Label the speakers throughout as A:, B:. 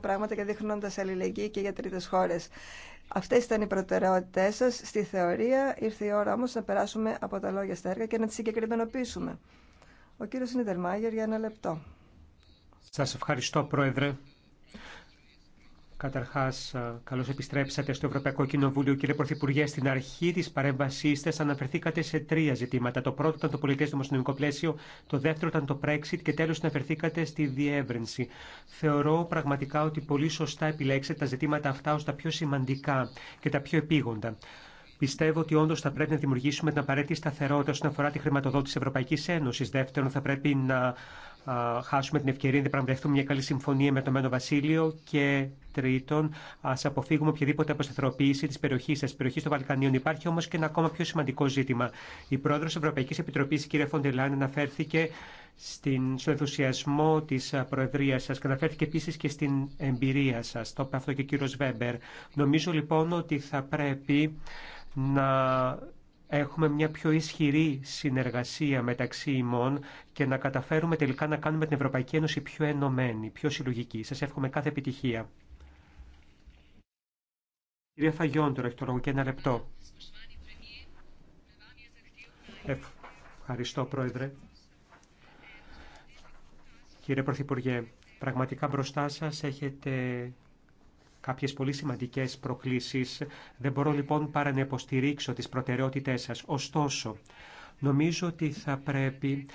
A: πράγματα και δείχνοντα αλληλεγγύη και για τρίτες χώρε. Αυτές ήταν οι προτεραιότητές σα Στη θεωρία ήρθε η ώρα όμω να περάσουμε από τα λόγια στα έργα και να τις συγκεκριμενοποιήσουμε. Ο κύριος Μάγερ για ένα λεπτό.
B: Σας ευχαριστώ, Πρόεδρε. Καταρχά, ε, καλώ επιστρέψατε στο Ευρωπαϊκό Κοινοβούλιο, κύριε Πρωθυπουργέ. Στην αρχή τη παρέμβασή σα αναφερθήκατε σε τρία ζητήματα. Το πρώτο ήταν το πολιτέ νομοσυνομικό πλαίσιο, το δεύτερο ήταν το Brexit και τέλο αναφερθήκατε στη διεύρυνση. Θεωρώ πραγματικά ότι πολύ σωστά επιλέξετε τα ζητήματα αυτά ω τα πιο σημαντικά και τα πιο επίγοντα. Πιστεύω ότι όντω θα πρέπει να δημιουργήσουμε την απαραίτητη σταθερότητα όσον αφορά τη χρηματοδότηση Ευρωπαϊκή Ένωση. Δεύτερον, θα πρέπει να χάσουμε την ευκαιρία να διαπραγματευτούμε μια καλή συμφωνία με το Μένο Βασίλειο και τρίτον, α αποφύγουμε οποιαδήποτε αποσταθεροποίηση τη περιοχή τη περιοχή των Βαλκανίων. Υπάρχει όμω και ένα ακόμα πιο σημαντικό ζήτημα. Η πρόεδρο Ευρωπαϊκή Επιτροπή, η κυρία Φοντελάν, αναφέρθηκε στην, στον ενθουσιασμό τη Προεδρία σα και αναφέρθηκε επίση και στην εμπειρία σα. Το είπε αυτό και ο κύριο Βέμπερ. Νομίζω λοιπόν ότι θα πρέπει να έχουμε μια πιο ισχυρή συνεργασία μεταξύ ημών και να καταφέρουμε τελικά να κάνουμε την Ευρωπαϊκή Ένωση πιο ενωμένη, πιο συλλογική. Σας εύχομαι κάθε επιτυχία. Κυρία Φαγιόν, τώρα έχει το λόγο και ένα λεπτό. Ευχαριστώ, Πρόεδρε. Κύριε Πρωθυπουργέ, πραγματικά μπροστά σας έχετε κάποιες πολύ σημαντικές προκλήσεις. Δεν μπορώ λοιπόν παρά να υποστηρίξω τις προτεραιότητές σας. Ωστόσο, νομίζω ότι θα πρέπει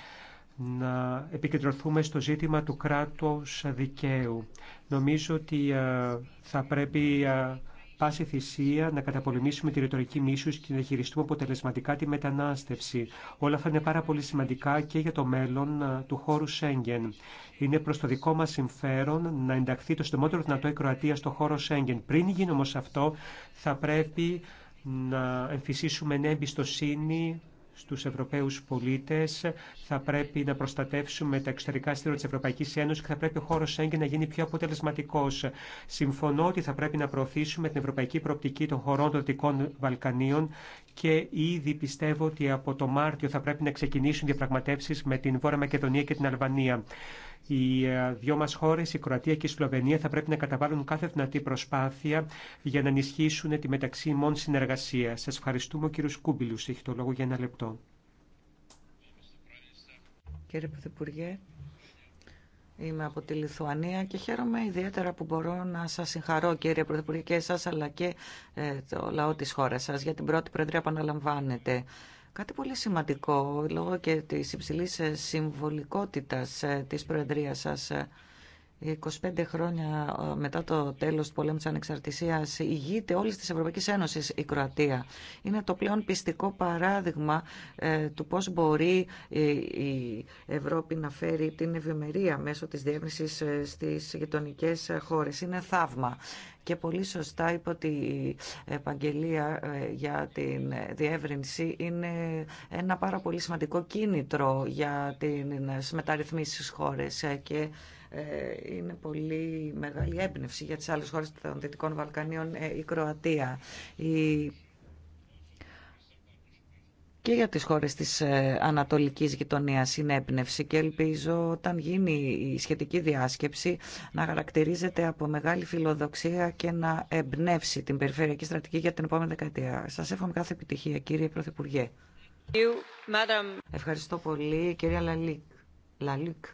B: να επικεντρωθούμε στο ζήτημα του κράτους δικαίου. Νομίζω ότι ε, θα πρέπει ε, πάση θυσία να καταπολεμήσουμε τη ρητορική μίσου και να χειριστούμε αποτελεσματικά τη μετανάστευση. Όλα αυτά είναι πάρα πολύ σημαντικά και για το μέλλον του χώρου Σέγγεν. Είναι προ το δικό μα συμφέρον να ενταχθεί το συντομότερο δυνατό η Κροατία στο χώρο Σέγγεν. Πριν γίνει όμω αυτό, θα πρέπει να εμφυσίσουμε νέα εμπιστοσύνη στους Ευρωπαίους πολίτες, θα πρέπει να προστατεύσουμε τα εξωτερικά σύνορα της Ευρωπαϊκής Ένωσης και θα πρέπει ο χώρος Σέγγεν να γίνει πιο αποτελεσματικός. Συμφωνώ ότι θα πρέπει να προωθήσουμε την ευρωπαϊκή προοπτική των χωρών των Δυτικών Βαλκανίων και ήδη πιστεύω ότι από το Μάρτιο θα πρέπει να ξεκινήσουν διαπραγματεύσεις με την Βόρεια Μακεδονία και την Αλβανία. Οι ε, δυο μας χώρες, η Κροατία και η Σλοβενία, θα πρέπει να καταβάλουν κάθε δυνατή προσπάθεια για να ενισχύσουν τη μεταξύ ημών συνεργασία. Σας ευχαριστούμε ο κύριος Κούμπιλους. Έχει το λόγο για ένα λεπτό.
C: Κύριε Πρωθυπουργέ, Είμαι από τη Λιθουανία και χαίρομαι ιδιαίτερα που μπορώ να σας συγχαρώ, κύριε Πρωθυπουργέ, και εσάς αλλά και ε, το λαό της χώρας σας για την πρώτη Προεδρία που αναλαμβάνετε. Κάτι πολύ σημαντικό, λόγω και της υψηλής ε, συμβολικότητας ε, της Προεδρίας σας, 25 ε, χρόνια μετά το τέλος του πολέμου της ανεξαρτησίας ηγείται όλης της Ευρωπαϊκής Ένωσης η Κροατία. Είναι το πλέον πιστικό παράδειγμα του πώς μπορεί η Ευρώπη να φέρει την ευημερία μέσω της διεύρυνσης στις γειτονικέ χώρες. Είναι θαύμα και πολύ σωστά είπε ότι η επαγγελία ε, για την διεύρυνση είναι ένα πάρα πολύ σημαντικό κίνητρο για τις μεταρρυθμίσεις χώρες ε, και ε, είναι πολύ μεγάλη έμπνευση για τις άλλες χώρες των Δυτικών Βαλκανίων η Κροατία. Η και για τις χώρες της ε, Ανατολικής Γειτονίας είναι έμπνευση και ελπίζω όταν γίνει η σχετική διάσκεψη να χαρακτηρίζεται από μεγάλη φιλοδοξία και να εμπνεύσει την περιφερειακή στρατηγική για την επόμενη δεκαετία. Σας εύχομαι κάθε επιτυχία κύριε Πρωθυπουργέ. Ευχαριστώ πολύ κυρία Λαλίκ. Λαλίκ.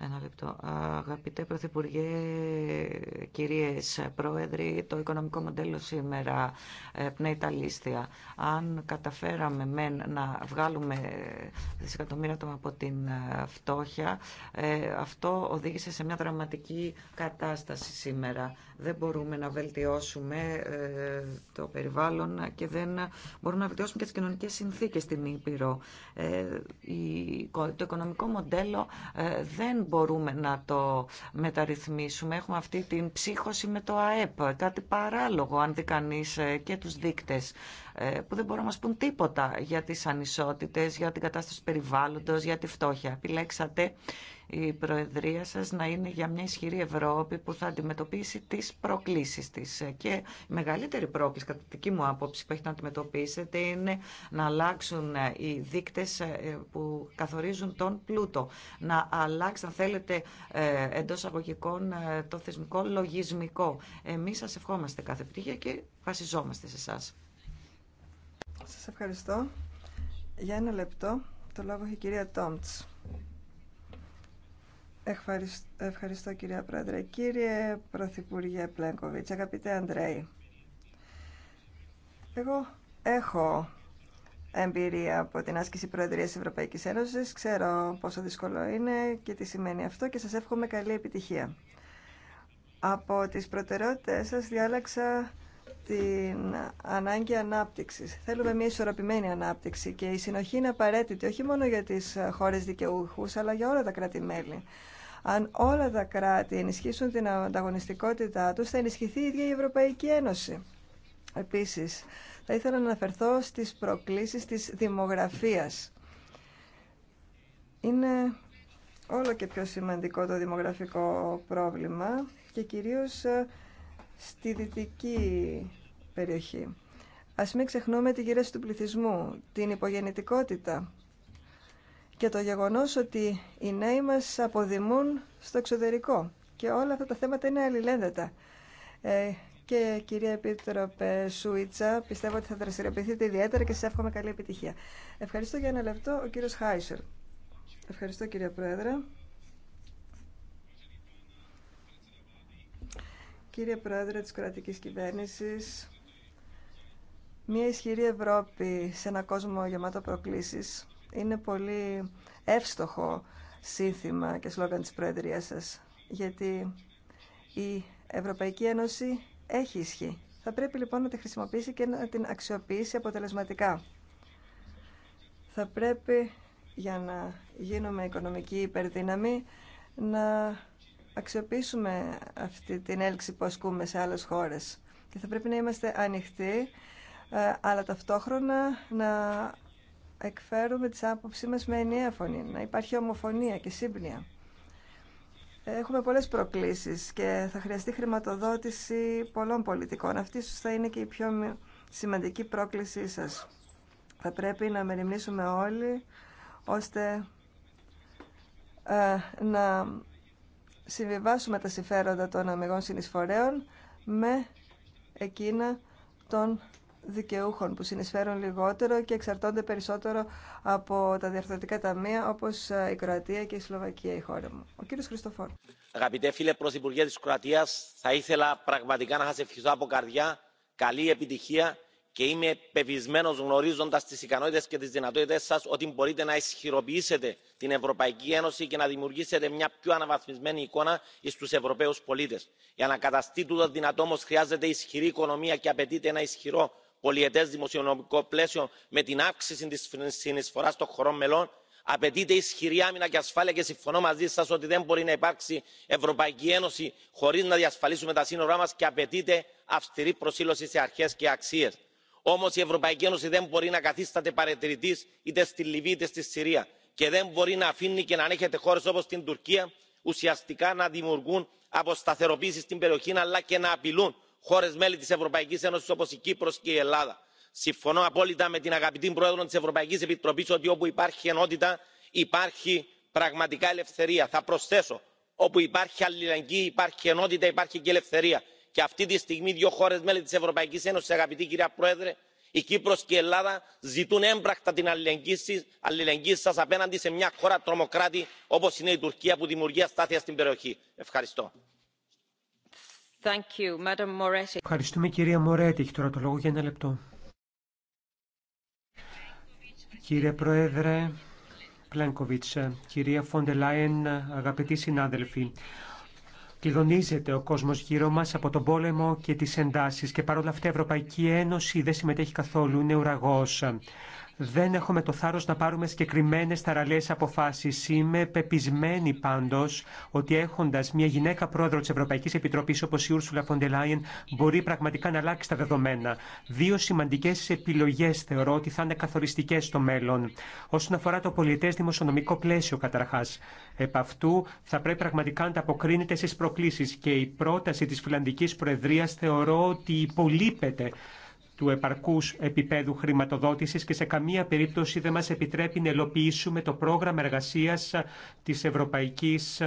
C: Ένα λεπτό. Αγαπητέ Πρωθυπουργέ, κυρίες Πρόεδροι, το οικονομικό μοντέλο σήμερα πνέει τα λίστια. Αν καταφέραμε μεν να βγάλουμε δισεκατομμύρια από την ε, φτώχεια, ε, αυτό οδήγησε σε μια δραματική κατάσταση σήμερα. Δεν μπορούμε να βελτιώσουμε ε, το περιβάλλον και δεν μπορούμε να βελτιώσουμε και τις κοινωνικές συνθήκες στην Ήπειρο. Το οικονομικό μοντέλο δεν μπορούμε να το μεταρρυθμίσουμε. Έχουμε αυτή την ψύχωση με το ΑΕΠ, κάτι παράλογο αν δει κανεί ε, και τους δείκτες ε, που δεν μπορούν να μας πούν τίποτα για τις ανισότητες, για την κατάσταση του περιβάλλοντος, για τη φτώχεια. Επιλέξατε η Προεδρία σας να είναι για μια ισχυρή Ευρώπη που θα αντιμετωπίσει τις προκλήσεις της. Και η μεγαλύτερη πρόκληση, κατά τη δική μου άποψη, που έχετε να αντιμετωπίσετε είναι να αλλάξουν οι δείκτες ε, που καθορίζουν τον πλούτο. Να αλλάξει, αν θέλετε, ε, εντό αγωγικών ε, το θεσμικό λογισμικό. Εμείς σας ευχόμαστε κάθε επιτυχία και βασιζόμαστε σε εσά.
A: Σας ευχαριστώ. Για ένα λεπτό, το λόγο έχει η κυρία Τόμτς. Ευχαριστώ, ευχαριστώ κυρία Πρόεδρε. Κύριε Πρωθυπουργέ Πλένκοβιτς, αγαπητέ Αντρέη, εγώ έχω εμπειρία από την άσκηση Προεδρίας της Ευρωπαϊκής Ένωσης. Ξέρω πόσο δύσκολο είναι και τι σημαίνει αυτό και σας εύχομαι καλή επιτυχία. Από τις προτεραιότητες σας διάλεξα την ανάγκη ανάπτυξη. Θέλουμε μια ισορροπημένη ανάπτυξη και η συνοχή είναι απαραίτητη όχι μόνο για τις χώρες δικαιούχου, αλλά για όλα τα κράτη-μέλη. Αν όλα τα κράτη ενισχύσουν την ανταγωνιστικότητά του, θα ενισχυθεί η ίδια η Ευρωπαϊκή Ένωση. Επίσης, θα ήθελα να αναφερθώ στις προκλήσει της δημογραφίας. Είναι όλο και πιο σημαντικό το δημογραφικό πρόβλημα και κυρίως ε, στη δυτική περιοχή. Ας μην ξεχνούμε τη γύρεση του πληθυσμού, την υπογεννητικότητα και το γεγονός ότι οι νέοι μας αποδημούν στο εξωτερικό. Και όλα αυτά τα θέματα είναι αλληλένδετα. Ε, και κυρία Επίτροπε Σουίτσα, πιστεύω ότι θα δραστηριοποιηθείτε ιδιαίτερα και σας εύχομαι καλή επιτυχία. Ευχαριστώ για ένα λεπτό, ο κύριος Χάισερ. Ευχαριστώ κύριε Πρόεδρε. Κύριε Πρόεδρε της Κρατικής Κυβέρνησης, μια ισχυρή Ευρώπη σε ένα κόσμο γεμάτο προκλήσεις είναι πολύ εύστοχο σύνθημα και σλόγγαν της Προεδρίας σας, γιατί η Ευρωπαϊκή Ένωση έχει ισχύ. Θα πρέπει λοιπόν να τη χρησιμοποιήσει και να την αξιοποιήσει αποτελεσματικά. Θα πρέπει για να γίνουμε οικονομική υπερδύναμη να αξιοποιήσουμε αυτή την έλξη που ασκούμε σε άλλες χώρες. Και θα πρέπει να είμαστε ανοιχτοί, ε, αλλά ταυτόχρονα να εκφέρουμε τις άποψή μας με ενιαία φωνή, να υπάρχει ομοφωνία και σύμπνοια. Έχουμε πολλές προκλήσεις και θα χρειαστεί χρηματοδότηση πολλών πολιτικών. Αυτή ίσως θα είναι και η πιο σημαντική πρόκλησή σας. Θα πρέπει να μεριμνήσουμε όλοι ώστε ε, να συμβιβάσουμε τα συμφέροντα των αμυγών συνεισφορέων με εκείνα των δικαιούχων που συνεισφέρουν λιγότερο και εξαρτώνται περισσότερο από τα διαρθρωτικά ταμεία όπως ε, η Κροατία και η Σλοβακία η χώρα μου. Ο κύριος Χριστοφόρ.
D: Αγαπητέ φίλε Πρωθυπουργέ της Κροατίας, θα ήθελα πραγματικά να σας ευχηθώ από καρδιά καλή επιτυχία και είμαι πεπισμένος γνωρίζοντας τις ικανότητες και τις δυνατότητές σας ότι μπορείτε να ισχυροποιήσετε την ευρωπαϊκή ένωση και να δημιουργήσετε μια πιο αναβαθμισμένη εικόνα στους ευρωπαίους πολίτες. για να καταστεί τούτο δυνατό όμως χρειάζεται ισχυρή οικονομία και απαιτείται ένα ισχυρό πολυετές δημοσιονομικό πλαίσιο με την αύξηση της συνεισφοράς των χωρών μελών απαιτείται ισχυρή άμυνα και ασφάλεια και συμφωνώ μαζί σα ότι δεν μπορεί να υπάρξει ευρωπαϊκή ένωση χωρί να διασφαλίσουμε τα σύνορά μα και απαιτείται αυστηρή προσήλωση σε αρχέ και αξίε όμω η ευρωπαϊκή ένωση δεν μπορεί να καθίσταται παρατηρητή είτε στη λιβύη είτε στη συρία και δεν μπορεί να αφήνει και να ανέχεται χώρε όπω την τουρκία ουσιαστικά να δημιουργούν αποσταθεροποίηση στην περιοχή αλλά και να απειλούν χώρε μέλη τη ευρωπαϊκή ένωση όπω η κύπρο και η ελλάδα. συμφωνώ απόλυτα με την αγαπητή πρόεδρο τη ευρωπαϊκή επιτροπή ότι όπου υπάρχει ενότητα υπάρχει πραγματικά ελευθερία. θα προσθέσω όπου υπάρχει αλληλεγγύη υπάρχει ενότητα υπάρχει και ελευθερία και αυτή τη στιγμή δύο χώρε μέλη τη ευρωπαϊκή ένωση αγαπητή κυρία πρόεδρε η κύπρος και η ελλάδα ζητούν έμπρακτα την αλληλεγγύη σας απέναντι σε μια χώρα τρομοκράτη όπως είναι η τουρκία που δημιουργεί αστάθεια στην περιοχή. ευχαριστώ.
E: Ευχαριστούμε
B: κυρία Μωρέτη. Έχει τώρα το λόγο για ένα λεπτό. Κύριε Πρόεδρε Πλένκοβιτς, ε, κυρία Φοντελάιεν, αγαπητοί συνάδελφοι. Κλειδονίζεται ο κόσμος γύρω μας από τον πόλεμο και τις εντάσεις και παρόλα αυτά η Ευρωπαϊκή Ένωση δεν συμμετέχει καθόλου, είναι ουραγός δεν έχουμε το θάρρος να πάρουμε συγκεκριμένε θαραλέες αποφάσεις. Είμαι πεπισμένη πάντως ότι έχοντας μια γυναίκα πρόεδρο της Ευρωπαϊκής Επιτροπής όπως η Ούρσουλα Φοντελάιεν μπορεί πραγματικά να αλλάξει τα δεδομένα. Δύο σημαντικές επιλογές θεωρώ ότι θα είναι καθοριστικές στο μέλλον. Όσον αφορά το πολιτές δημοσιονομικό πλαίσιο καταρχάς. Επ' αυτού θα πρέπει πραγματικά να τα αποκρίνετε στις προκλήσεις και η πρόταση της φιλανδική προεδρία θεωρώ ότι υπολείπεται του επαρκούς επίπεδου χρηματοδότησης και σε καμία περίπτωση δεν μας επιτρέπει να ελοποιήσουμε το πρόγραμμα εργασίας της Ευρωπαϊκής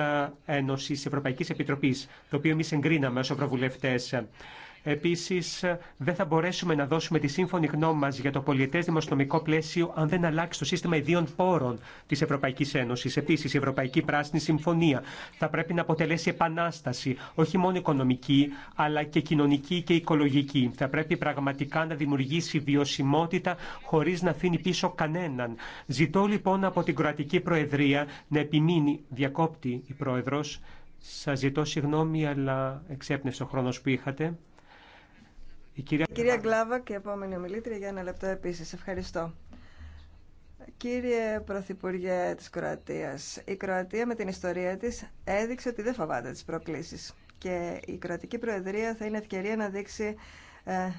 B: Ένωσης, της Ευρωπαϊκής Επιτροπής, το οποίο εμεί εγκρίναμε ω Ευρωβουλευτέ. Επίση, δεν θα μπορέσουμε να δώσουμε τη σύμφωνη γνώμη μα για το πολιετέ δημοσιονομικό πλαίσιο αν δεν αλλάξει το σύστημα ιδίων πόρων τη Ευρωπαϊκή Ένωση. Επίση, η Ευρωπαϊκή Πράσινη Συμφωνία θα πρέπει να αποτελέσει επανάσταση, όχι μόνο οικονομική, αλλά και κοινωνική και οικολογική. Θα πρέπει πραγματικά να δημιουργήσει βιωσιμότητα χωρί να αφήνει πίσω κανέναν. Ζητώ λοιπόν από την Κροατική Προεδρία να επιμείνει, διακόπτη η Πρόεδρο. Σας ζητώ συγγνώμη, αλλά εξέπνευσε ο χρόνος που είχατε. Η κυρία...
A: Γκλάβα και επόμενη ομιλήτρια για ένα λεπτό επίσης. Ευχαριστώ. Κύριε Πρωθυπουργέ της Κροατίας, η Κροατία με την ιστορία της έδειξε ότι δεν φοβάται τις προκλήσεις και η Κροατική Προεδρία θα είναι ευκαιρία να δείξει ε,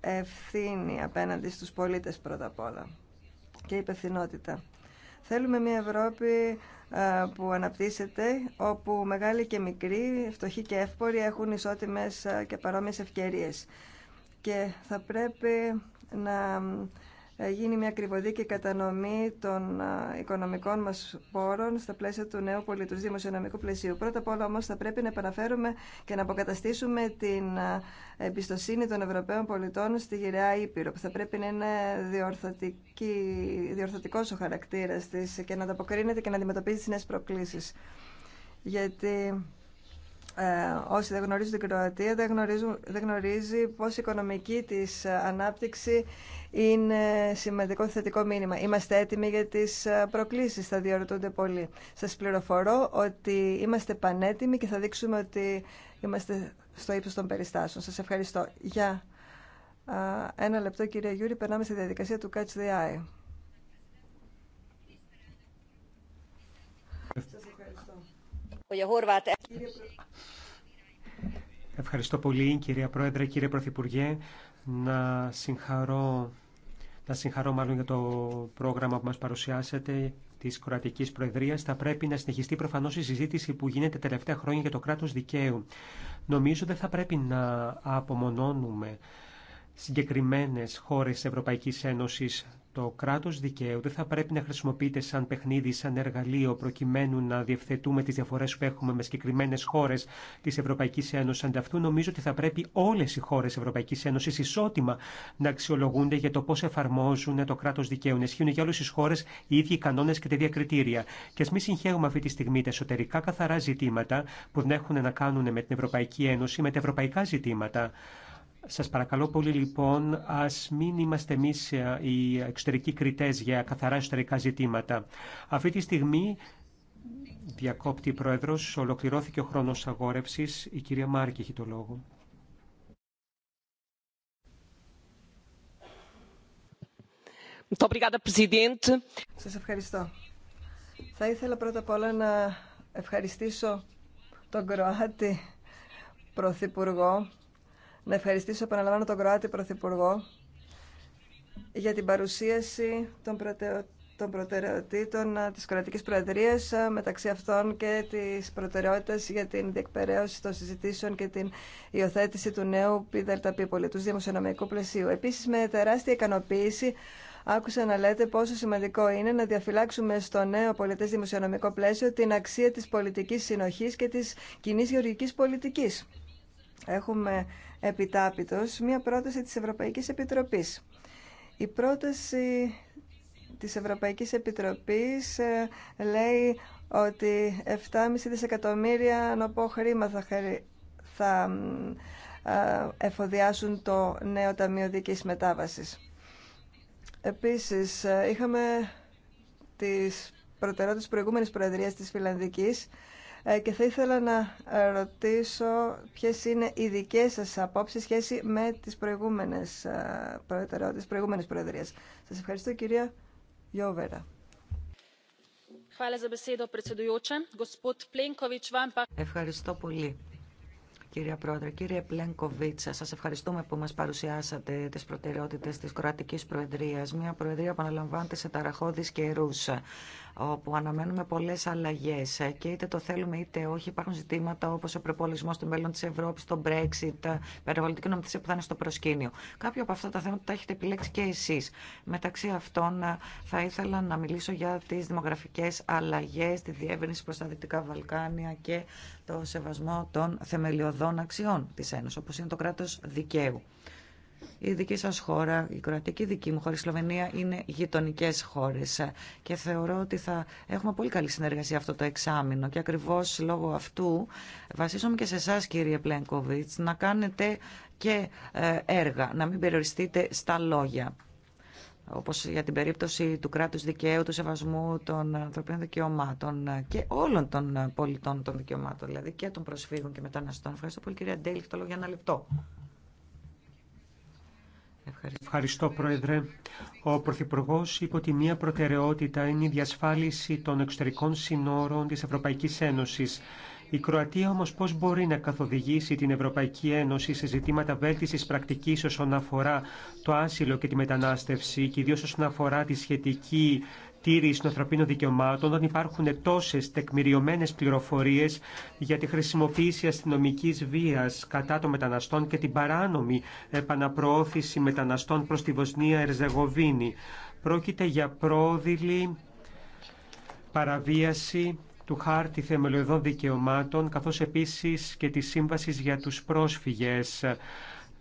A: ευθύνη απέναντι στους πολίτες πρώτα απ' όλα και υπευθυνότητα. Θέλουμε μια Ευρώπη ε, που αναπτύσσεται, όπου μεγάλοι και μικροί, φτωχοί και εύποροι έχουν ισότιμες ε, και παρόμοιες ευκαιρίες και θα πρέπει να ε, γίνει μια κρυβοδίκη κατανομή των ε, οικονομικών μας πόρων στα πλαίσια του νέου πολιτού δημοσιονομικού πλαισίου. Πρώτα απ' όλα όμως θα πρέπει να επαναφέρουμε και να αποκαταστήσουμε την ε, εμπιστοσύνη των Ευρωπαίων πολιτών στη γυραιά Ήπειρο, που θα πρέπει να είναι διορθωτικός ο χαρακτήρας της και να ανταποκρίνεται και να αντιμετωπίζει τις νέες προκλήσεις. Γιατί ε, όσοι δεν γνωρίζουν την Κροατία δεν, γνωρίζουν, δεν γνωρίζει πώς η οικονομική της ε, ανάπτυξη είναι σημαντικό θετικό μήνυμα. Είμαστε έτοιμοι για τις ε, προκλήσεις, θα διαρωτούνται πολύ Σας πληροφορώ ότι είμαστε πανέτοιμοι και θα δείξουμε ότι είμαστε στο ύψος των περιστάσεων. Σας ευχαριστώ. Για ένα λεπτό κύριε Γιούρη, περνάμε στη διαδικασία του Catch the Eye.
B: Ευχαριστώ πολύ κύριε Πρόεδρε, κύριε Πρωθυπουργέ. Να συγχαρώ, να συγχαρώ μάλλον για το πρόγραμμα που μας παρουσιάσετε τη Κροατική Προεδρίας. θα πρέπει να συνεχιστεί προφανώ η συζήτηση που γίνεται τελευταία χρόνια για το κράτο δικαίου. Νομίζω δεν θα πρέπει να απομονώνουμε συγκεκριμένες χώρες Ευρωπαϊκής Ένωσης το κράτος δικαίου δεν θα πρέπει να χρησιμοποιείται σαν παιχνίδι, σαν εργαλείο, προκειμένου να διευθετούμε τις διαφορές που έχουμε με συγκεκριμένε χώρες της Ευρωπαϊκής Ένωσης. Ανταυτού νομίζω ότι θα πρέπει όλες οι χώρες Ευρωπαϊκής Ένωσης ισότιμα να αξιολογούνται για το πώς εφαρμόζουν το κράτος δικαίου. Να ισχύουν για όλες τις χώρες οι ίδιοι κανόνες και τα ίδια κριτήρια. Και ας μην συγχαίουμε αυτή τη στιγμή τα εσωτερικά καθαρά ζητήματα που δεν έχουν να κάνουν με την Ευρωπαϊκή Ένωση, με τα ευρωπαϊκά ζητήματα. Σας παρακαλώ πολύ λοιπόν, ας μην είμαστε εμείς ε, οι εξωτερικοί κριτές για καθαρά εσωτερικά ζητήματα. Αυτή τη στιγμή διακόπτη η Πρόεδρος, ολοκληρώθηκε ο χρόνος αγόρευσης. Η κυρία Μάρκη έχει το λόγο.
A: Σας ευχαριστώ. Θα ήθελα πρώτα απ' όλα να ευχαριστήσω τον Κροάτη Πρωθυπουργό να ευχαριστήσω, επαναλαμβάνω, τον Κροάτη Πρωθυπουργό για την παρουσίαση των, προτε... των προτεραιοτήτων της κρατικής προεδρίας, μεταξύ αυτών και της προτεραιότητας για την διεκπαιρέωση των συζητήσεων και την υιοθέτηση του νέου ΠΔΠ πολιτούς δημοσιονομικού πλαισίου. Επίσης, με τεράστια ικανοποίηση, άκουσα να λέτε πόσο σημαντικό είναι να διαφυλάξουμε στο νέο πολιτές δημοσιονομικό πλαίσιο την αξία της πολιτικής συνοχής και της κοινή γεωργικής πολιτικής έχουμε επιτάπητος μία πρόταση της Ευρωπαϊκής Επιτροπής. Η πρόταση της Ευρωπαϊκής Επιτροπής ε, λέει ότι 7,5 δισεκατομμύρια νοπό χρήμα θα, θα ε, εφοδιάσουν το νέο Ταμείο Δικής Μετάβασης. Επίσης, ε, είχαμε τις προτεραιότητες προηγούμενης Προεδρίας της Φιλανδικής ε, και θα ήθελα να ε, ρωτήσω ποιες είναι οι δικές σας απόψεις σχέση με τις προηγούμενες ε, προτεραιότητες, προηγούμενες Σας ευχαριστώ κυρία Γιώβερα. Ευχαριστώ πολύ. Κύριε
C: Πρόεδρε, κύριε Πλένκοβιτσα, σα ευχαριστούμε που μα παρουσιάσατε τι προτεραιότητε τη κροατική Προεδρίας. Μια Προεδρία που αναλαμβάνεται σε ταραχώδει καιρού, όπου αναμένουμε πολλέ αλλαγέ. και είτε το θέλουμε είτε όχι υπάρχουν ζητήματα όπω ο προπολισμός του μέλλον τη Ευρώπη, το Brexit, περιβαλλοντική νομοθεσία που θα είναι στο προσκήνιο. Κάποια από αυτά τα θέματα τα έχετε επιλέξει και εσεί. Μεταξύ αυτών θα ήθελα να μιλήσω για τι δημογραφικέ αλλαγέ, τη διεύρυνση προ τα Δυτικά Βαλκάνια και το σεβασμό των θεμελιωδών των αξιών τη Ένωση, όπω είναι το κράτο δικαίου. Η δική σα χώρα, η κροατική δική μου χώρα, η Σλοβενία, είναι γειτονικέ χώρε. και θεωρώ ότι θα έχουμε πολύ καλή συνεργασία αυτό το εξάμεινο και ακριβώ λόγω αυτού βασίζομαι και σε εσά, κύριε Πλένκοβιτ, να κάνετε και ε, έργα, να μην περιοριστείτε στα λόγια όπως για την περίπτωση του κράτους δικαίου, του σεβασμού των ανθρωπίνων δικαιωμάτων και όλων των πολιτών των δικαιωμάτων, δηλαδή και των προσφύγων και μεταναστών. Ευχαριστώ πολύ κυρία Ντέλη, για ένα λεπτό.
B: Ευχαριστώ. Ευχαριστώ, Πρόεδρε. Ο Πρωθυπουργό είπε ότι μία προτεραιότητα είναι η διασφάλιση των εξωτερικών συνόρων της Ευρωπαϊκής Ένωσης. Η Κροατία όμως πώς μπορεί να καθοδηγήσει την Ευρωπαϊκή Ένωση σε ζητήματα βέλτισης πρακτικής όσον αφορά το άσυλο και τη μετανάστευση και ιδίως όσον αφορά τη σχετική τήρηση των ανθρωπίνων δικαιωμάτων, όταν υπάρχουν τόσες τεκμηριωμένες πληροφορίες για τη χρησιμοποίηση αστυνομική βίας κατά των μεταναστών και την παράνομη επαναπροώθηση μεταναστών προς τη Βοσνία Ερζεγοβίνη. Πρόκειται για πρόδειλη παραβίαση του Χάρτη Θεμελιωδών Δικαιωμάτων, καθώς επίσης και της Σύμβασης για τους Πρόσφυγες.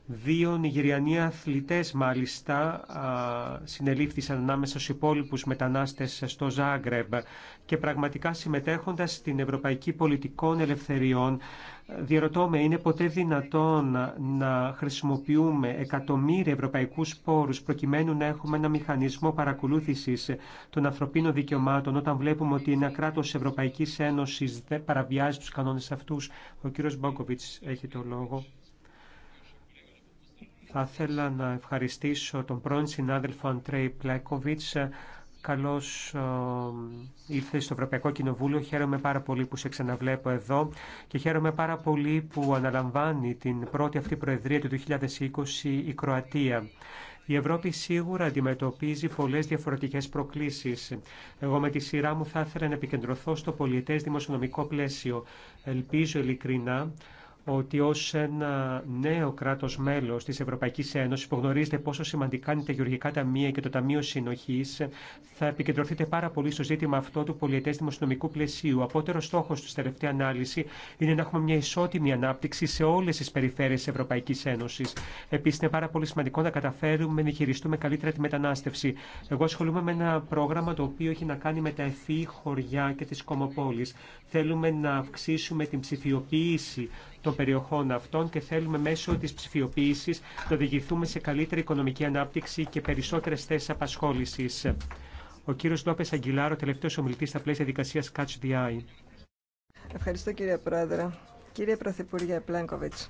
B: Δύο Νιγηριανοί αθλητές μάλιστα συνελήφθησαν ανάμεσα στους υπόλοιπους μετανάστες στο Ζάγκρεμπ και πραγματικά συμμετέχοντας στην Ευρωπαϊκή Πολιτικών Ελευθεριών Διερωτώ με, είναι ποτέ δυνατόν να χρησιμοποιούμε εκατομμύρια ευρωπαϊκούς πόρους προκειμένου να έχουμε ένα μηχανισμό παρακολούθησης των ανθρωπίνων δικαιωμάτων όταν βλέπουμε ότι ένα κράτο Ευρωπαϊκής Ένωσης δεν παραβιάζει τους κανόνες αυτούς. Ο κύριος Μπόκοβιτς έχει το λόγο. Θα ήθελα να ευχαριστήσω τον πρώην συνάδελφο Αντρέι Πλέκοβιτ Καλώ ε, ήρθε στο Ευρωπαϊκό Κοινοβούλιο. Χαίρομαι πάρα πολύ που σε ξαναβλέπω εδώ και χαίρομαι πάρα πολύ που αναλαμβάνει την πρώτη αυτή Προεδρία του 2020 η Κροατία. Η Ευρώπη σίγουρα αντιμετωπίζει πολλέ διαφορετικέ προκλήσει. Εγώ με τη σειρά μου θα ήθελα να επικεντρωθώ στο πολιτέ δημοσιονομικό πλαίσιο. Ελπίζω ειλικρινά ότι ω ένα νέο κράτο μέλο τη Ευρωπαϊκή Ένωση, που γνωρίζετε πόσο σημαντικά είναι τα γεωργικά ταμεία και το Ταμείο Συνοχή, θα επικεντρωθείτε πάρα πολύ στο ζήτημα αυτό του πολιετέ δημοσιονομικού πλαισίου. Απότερο στόχο του, τελευταία ανάλυση, είναι να έχουμε μια ισότιμη ανάπτυξη σε όλε τι περιφέρειε τη Ευρωπαϊκή Ένωση. Επίση, είναι πάρα πολύ σημαντικό να καταφέρουμε να χειριστούμε καλύτερα τη μετανάστευση. Εγώ ασχολούμαι με ένα πρόγραμμα το οποίο έχει να κάνει με τα ευφύ χωριά και τι κομοπόλει. Θέλουμε να αυξήσουμε την ψηφιοποίηση των περιοχών αυτών και θέλουμε μέσω της ψηφιοποίησης να οδηγηθούμε σε καλύτερη οικονομική ανάπτυξη και περισσότερες θέσεις απασχόλησης. Ο κύριος Λόπες Αγγιλάρο, τελευταίος ομιλητής στα πλαίσια δικασίας Catch the Eye.
A: Ευχαριστώ κύριε Πρόεδρε. Κύριε Πρωθυπουργέ Πλένκοβιτς,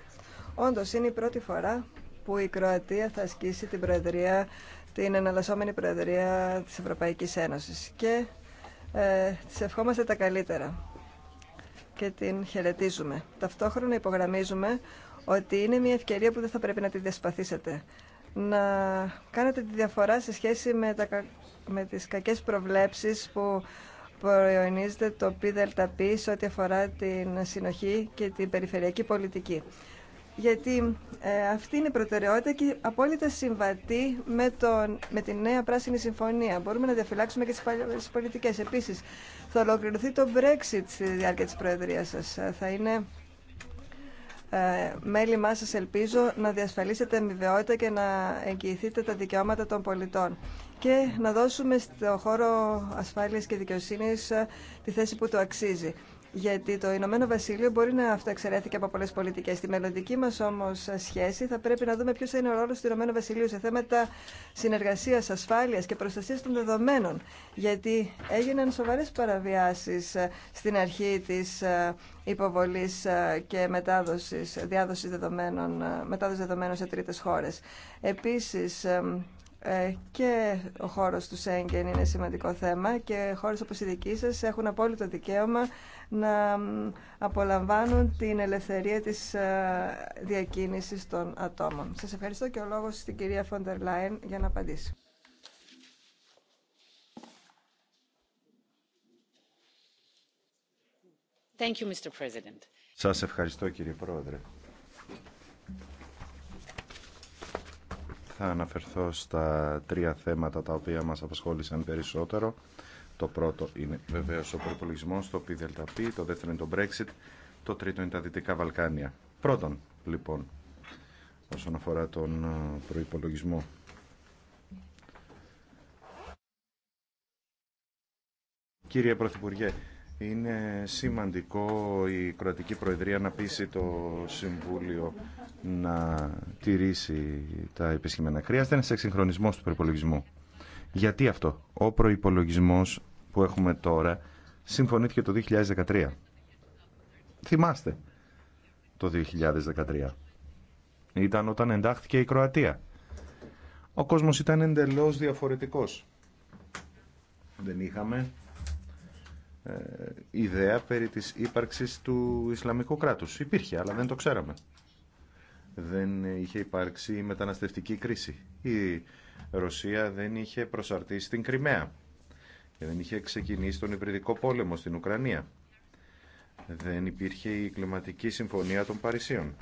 A: όντως είναι η πρώτη φορά που η Κροατία θα ασκήσει την Προεδρία, την εναλλασσόμενη Προεδρία της Ευρωπαϊκής Ένωσης και ε, της ευχόμαστε τα καλύτερα και την χαιρετίζουμε. Ταυτόχρονα υπογραμμίζουμε ότι είναι μια ευκαιρία που δεν θα πρέπει να τη διασπαθήσετε. Να κάνετε τη διαφορά σε σχέση με, τα, με τις κακές προβλέψεις που προϊονίζεται το ΠΔΠ σε ό,τι αφορά την συνοχή και την περιφερειακή πολιτική γιατί ε, αυτή είναι η προτεραιότητα και απόλυτα συμβατή με, τον, με τη νέα πράσινη συμφωνία. Μπορούμε να διαφυλάξουμε και τις πολιτικέ. πολιτικές. Επίσης, θα ολοκληρωθεί το Brexit στη διάρκεια της Προεδρίας σας. Ε, θα είναι ε, μέλημά σας, ελπίζω, να διασφαλίσετε αμοιβαιότητα και να εγγυηθείτε τα δικαιώματα των πολιτών και να δώσουμε στον χώρο ασφάλειας και δικαιοσύνης ε, τη θέση που το αξίζει γιατί το Ηνωμένο Βασίλειο μπορεί να αυτοεξαιρέθηκε από πολλέ πολιτικέ. Στη μελλοντική μα όμω σχέση θα πρέπει να δούμε ποιο θα είναι ο ρόλο του Ηνωμένου Βασιλείου σε θέματα συνεργασία, ασφάλεια και προστασία των δεδομένων. Γιατί έγιναν σοβαρέ παραβιάσει ε, στην αρχή τη ε, υποβολή ε, και μετάδοση διάδοση δεδομένων, μετάδοση δεδομένων σε τρίτε χώρε. Επίση, και ο χώρος του Σέγγεν είναι σημαντικό θέμα και χώρες όπως η δική σας έχουν απόλυτο δικαίωμα να απολαμβάνουν την ελευθερία της ε, διακίνησης των ατόμων. Σας ευχαριστώ και ο λόγος στην κυρία Φόντερ Λάιν για να απαντήσει.
C: Thank you, Mr. President.
F: Σας ευχαριστώ κύριε Πρόεδρε. Θα αναφερθώ στα τρία θέματα τα οποία μας απασχόλησαν περισσότερο. Το πρώτο είναι βεβαίω ο προπολογισμό, το ΠΔΠ, το δεύτερο είναι το Brexit, το τρίτο είναι τα Δυτικά Βαλκάνια. Πρώτον, λοιπόν, όσον αφορά τον ε, προπολογισμό. Κύριε Πρωθυπουργέ, είναι σημαντικό η Κροατική Προεδρία να πείσει το Συμβούλιο να τηρήσει τα επισημένα. Χρειάζεται ένα εξυγχρονισμό του προπολογισμού. Γιατί αυτό. Ο προπολογισμό που έχουμε τώρα συμφωνήθηκε το 2013. Θυμάστε το 2013. Ήταν όταν εντάχθηκε η Κροατία. Ο κόσμος ήταν εντελώς διαφορετικός. Δεν είχαμε ε, ιδέα περί της ύπαρξης του Ισλαμικού κράτους. Υπήρχε, αλλά δεν το ξέραμε. Δεν είχε υπάρξει η μεταναστευτική κρίση. Η Ρωσία δεν είχε προσαρτήσει την Κρυμαία και δεν είχε ξεκινήσει τον υβριδικό πόλεμο στην Ουκρανία. Δεν υπήρχε η κλιματική συμφωνία των Παρισίων.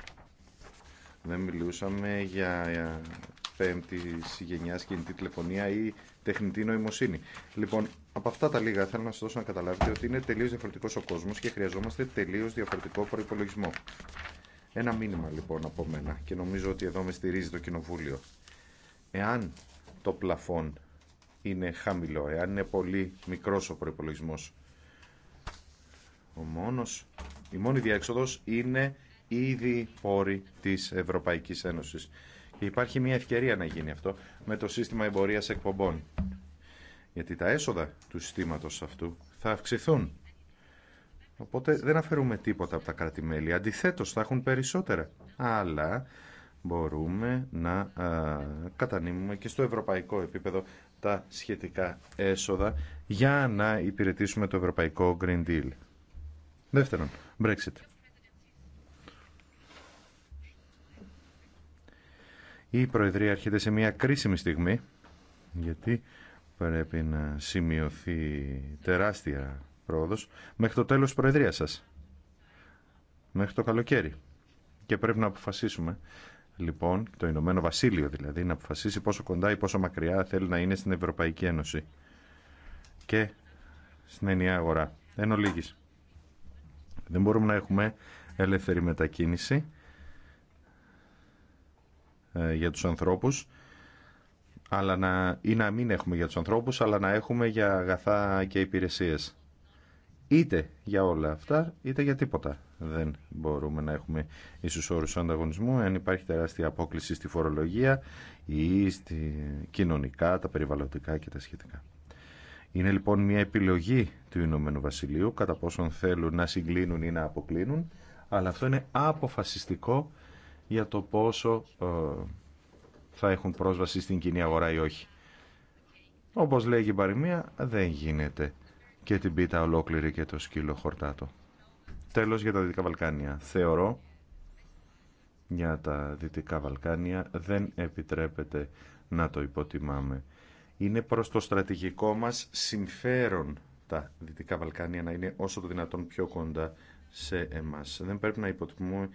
F: Δεν μιλούσαμε για ε, πέμπτη γενιά κινητή τηλεφωνία ή τεχνητή νοημοσύνη. Λοιπόν, από αυτά τα λίγα θέλω να σα δώσω να καταλάβετε ότι είναι τελείω διαφορετικό ο κόσμο και χρειαζόμαστε τελείω διαφορετικό προπολογισμό. Ένα μήνυμα λοιπόν από μένα και νομίζω ότι εδώ με στηρίζει το Κοινοβούλιο. Εάν το πλαφόν είναι χαμηλό, εάν είναι πολύ μικρός ο προϋπολογισμός. Ο μόνος, η μόνη διέξοδος είναι ήδη πόροι της Ευρωπαϊκής Ένωσης. Και υπάρχει μια ευκαιρία να γίνει αυτό με το σύστημα εμπορίας εκπομπών. Γιατί τα έσοδα του συστήματος αυτού θα αυξηθούν. Οπότε δεν αφαιρούμε τίποτα από τα κρατημέλη. Αντιθέτως θα έχουν περισσότερα. Αλλά μπορούμε να α, και στο ευρωπαϊκό επίπεδο τα σχετικά έσοδα για να υπηρετήσουμε το ευρωπαϊκό Green Deal. Δεύτερον, Brexit. Η Προεδρία έρχεται σε μια κρίσιμη στιγμή γιατί πρέπει να σημειωθεί τεράστια πρόοδος μέχρι το τέλος Προεδρίας σας. Μέχρι το καλοκαίρι. Και πρέπει να αποφασίσουμε λοιπόν, το Ηνωμένο Βασίλειο δηλαδή, να αποφασίσει πόσο κοντά ή πόσο μακριά θέλει να είναι στην Ευρωπαϊκή Ένωση και στην ενιαία αγορά. Εν ολίγης. Δεν μπορούμε να έχουμε ελεύθερη μετακίνηση ε, για τους ανθρώπους αλλά να, ή να μην έχουμε για τους ανθρώπους αλλά να έχουμε για αγαθά και υπηρεσίες. Είτε για όλα αυτά, είτε για τίποτα. Δεν μπορούμε να έχουμε ίσους όρους ανταγωνισμού, αν υπάρχει τεράστια απόκληση στη φορολογία ή στη κοινωνικά, τα περιβαλλοντικά και τα σχετικά. Είναι λοιπόν μια επιλογή του Ηνωμένου Βασιλείου κατά πόσον θέλουν να συγκλίνουν ή να αποκλίνουν, αλλά αυτό είναι αποφασιστικό για το πόσο ε, θα έχουν πρόσβαση στην κοινή αγορά ή όχι. Όπως λέγει η οχι οπως λεει η παροιμια δεν γίνεται και την πίτα ολόκληρη και το σκύλο χορτάτο. Τέλος για τα Δυτικά Βαλκάνια. Θεωρώ για τα Δυτικά Βαλκάνια δεν επιτρέπεται να το υποτιμάμε. Είναι προς το στρατηγικό μας συμφέρον τα Δυτικά Βαλκάνια να είναι όσο το δυνατόν πιο κοντά σε εμάς. Δεν πρέπει να υποτιμούμε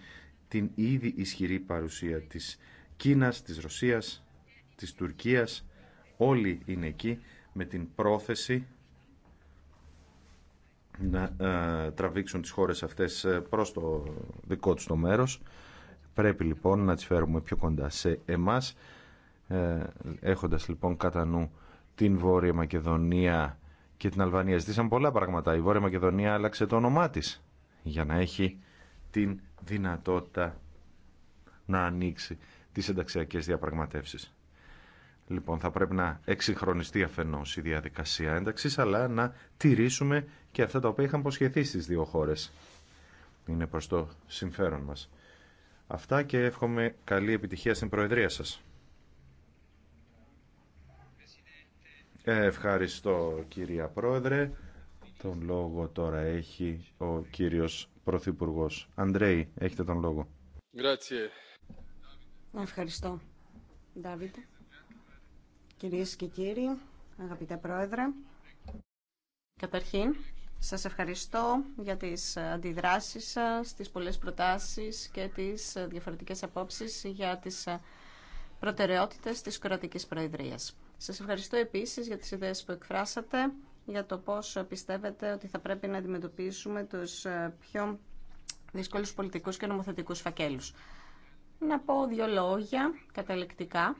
F: την ήδη ισχυρή παρουσία της Κίνας, της Ρωσίας, της Τουρκίας. Όλοι είναι εκεί με την πρόθεση να ε, τραβήξουν τις χώρες αυτές ε, προς το δικό τους το μέρος. Πρέπει λοιπόν να τις φέρουμε πιο κοντά σε εμάς, ε, έχοντας λοιπόν κατά νου την Βόρεια Μακεδονία και την Αλβανία. Ζήτησαν πολλά πράγματα. Η Βόρεια Μακεδονία άλλαξε το όνομά της για να έχει την δυνατότητα να ανοίξει τις ενταξιακές διαπραγματεύσεις. Λοιπόν, θα πρέπει να εξυγχρονιστεί αφενό η διαδικασία ένταξη, αλλά να τηρήσουμε και αυτά τα οποία είχαν προσχεθεί στι δύο χώρες. Είναι προ το συμφέρον μας. Αυτά και εύχομαι καλή επιτυχία στην Προεδρία σας. Ευχαριστώ κυρία Πρόεδρε. Τον λόγο τώρα έχει ο κύριος Πρωθυπουργός. Αντρέη, έχετε τον λόγο.
G: Ευχαριστώ. Ντάβιτε. Κυρίες και κύριοι, αγαπητέ Πρόεδρε, καταρχήν σας ευχαριστώ για τις αντιδράσεις σας, τις πολλές προτάσεις και τις διαφορετικές απόψεις για τις προτεραιότητες της Κροατικής Προεδρίας. Σας ευχαριστώ επίσης για τις ιδέες που εκφράσατε, για το πώς πιστεύετε ότι θα πρέπει να αντιμετωπίσουμε τους πιο δύσκολους πολιτικούς και νομοθετικούς φακέλους. Να πω δύο λόγια καταληκτικά